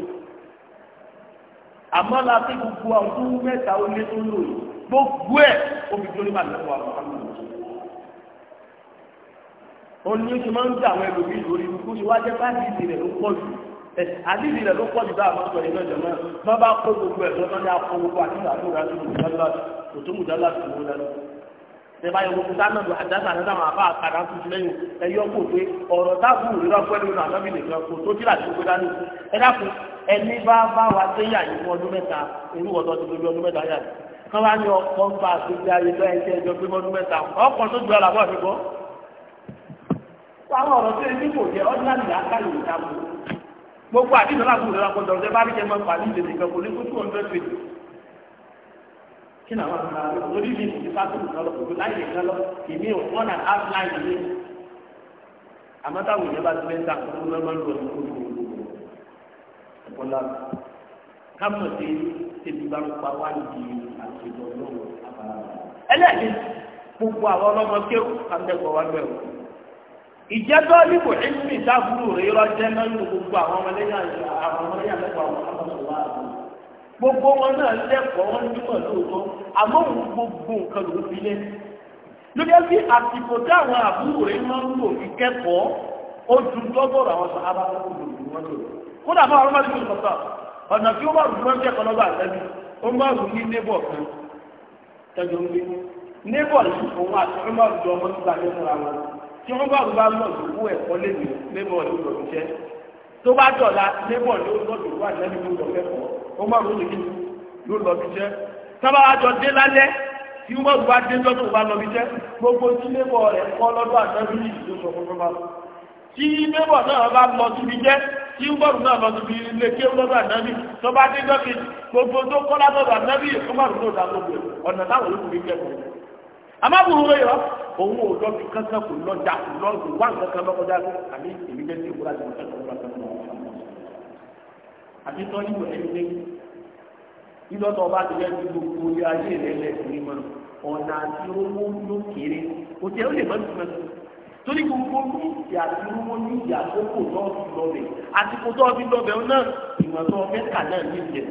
àmọ́ la fi gbogbo ọdún mẹ́ta ó lé tó lò yìí gbogbo ẹ̀ omi tó ní bàtà wà wà lọ. ó ní oṣù máa ń gbà àwọn ẹlòmíì lórí kó ṣe wá jẹ́ àdìdì rẹ̀ ló pọ̀ jù dáa lọ́sọ̀ ìlú ẹ̀jọ̀ náà má bá kó gbogbo ẹ̀jọ̀ náà ní akọ gbogbo àti àdúrà tó mùdálà tó mùdálà tó mùdálà. Ṣé báyìí gbogbo dáná lu àdáta àdáta máa bá àkàrà tuntun lẹ́yìn ẹ̀yọ́ kò pé ọ̀rọ̀ táàbù ìrírá pẹ́lú náà lọ́bì nìkan kò tó dání. Ẹ dákun ẹni bá bá wa dé fún ọdún mẹ́ta gbogbo àdìsọ láti ìlú ọkọ dọ̀rọ̀ tẹ bá rí jẹmọ pàdé ìdèdè kan kò ní kó tó ọ̀dọ́ tó èdè kí ni àwọn ọ̀nà orí mi ti fásitì nìkan lọ kòkó láyé nìkan lọ èmi ò wọ́n nà á láyé mi àmọ́ táwọn èèyàn bá ti fẹ́ ta kó lọ́ máa ń lọ sí kó ẹ̀kọ́ lára kámọ̀ dé tèmi bá ń pa wá di àṣejọ lọ́wọ́ àbára ẹlẹ́ẹ̀kejì gbogbo àwọn ọlọ́mọ kéwù àtẹ̀kọ̀ wá ìjẹ́tọ́ nípò ìlúmi ìdáburú rẹ̀ yọ jẹ́ mẹ́rin gbogbo àwọn ọmọlẹ́yìn àwọn ọmọlẹ́yìn àlẹ́kọ̀ọ́ àwọn ọmọlẹ́yìn àlẹ́kọ̀ọ́ gbogbo wọn náà lẹ́kọ̀ọ́ wọn nímọ̀ lóòótọ́ àmọ́ òun gbogbo nǹkan ló fi lẹ́ lórí ẹbí àsìkò tí àwọn àbúrò rẹ̀ máa ń lò fi kẹ́kọ̀ọ́ ó ju ọ̀nà tí ó bá rùn lọ́jọ́ ẹ̀kọ́ lọ́gbà àtẹ́bí ó máa rùn ní nébọ̀ kan tẹ́jọ́ ń gbé nébọ̀ yìí òun àti ó máa ọmọ nígbà yẹn fúnra tí wọ́n bá wù bá mọ̀ ìdòwú ẹ̀kọ́ lẹ́nu lébọ̀ ní ìdòwú jẹ́ tó bá dọ̀la lébọ̀ ní ìdòwú wà lẹ́nu ní ìdòwú ẹ̀kọ́ ó má lóde kí ló lọ bí jẹ́ sábà àjọ dé lálẹ́ tí wọ́n bá dé lọ́dún bá lọ bí jẹ́ gbogbo tí lébọ̀ rẹ̀ kọ́ lọ́dún àtẹ́bí ìdòwú sọ fún fún tí lébọ̀ náà bá lọ síbi jẹ́ tí wọ́n náà lọ síbi ilé kí wọ́n bá nábì tó bá dé lọ́kì gbogbo tó kọ́ látọ̀dọ̀ àtẹ́bí ìkọ́mọ̀rún ló dá gbogbo ọ̀nà táwọn olùkùnrin kẹ́kọ̀ọ́ amábùrú rẹ̀ yọ òun ò lọ́bi kankan kò lọ́jà kò lọ́ọ̀dù wá nǹkan lọ́kọjá àbí èmi jẹ́ sí ìwúrà tó ń tẹ̀sán lọ́wọ́ kankan àti tọ́ nígbà ẹni lé ìlọ́tọ̀ ọba ti lẹ́nu gbogbo ilé ayé rẹ̀ lẹ́sìn mọ́ ọ̀nà àti owó ló kéré kò tẹ́ ó lè mọ́ sí mọ́tò torí gbogbo ní ìyá tí owó ní ìyá tó kò tọ́ fi lọ́bẹ̀ àti kò tọ́ fi lọ́bẹ̀ náà ìmọ̀tọ́ mẹ́ta náà ní ìjẹ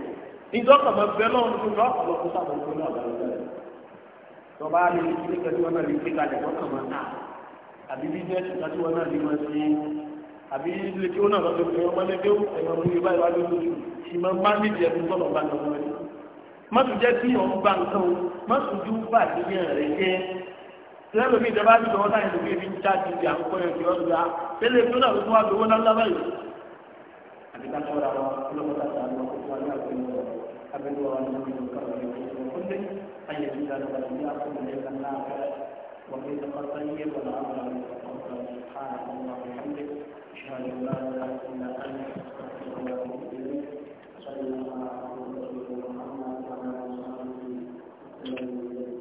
ìjọkọ̀ mọ́ bẹ́ẹ̀ lọ́wọ́ náà tọba ní nípa tí wọn náà lè gbé kalẹ̀ wọn náà máa ta àbí bíjẹ́sì kan tí wọn náà lè máa ṣe àbí ilé tí wọn náà lọ́dọ̀ fún ọmọ lẹ́gbẹ́ ẹ̀rọ orí báyìí wájú lójú ìmọ̀ bá nídìí ẹ̀kú tọ́lọ̀ bá lọ wọn rẹ̀ má tún jẹ́ kí ọ̀hún bá nǹkan o má tún jú bá àdéhùn rẹ̀ jẹ́ lẹ́nu mi ìjọba ti dọ̀wọ́ láyé lóbi ibi ń já ju ti àkókò yẹn ti ọ̀dọ̀ ya tẹ́lẹ̀ tó náà ló tún wá lówó lálá báyìí. àbíká tó ra wọn lọ́wọ́ láti àná ọkọ̀ tó wá ní àgbẹ̀ أي مثال ولم يأخذ إليك النافع وفي الطيب والأمر سبحانك اللهم وبحمدك أشهد أن لا إله إلا أنت أستغفرك وأتوب إليك صلى الله عليه وسلم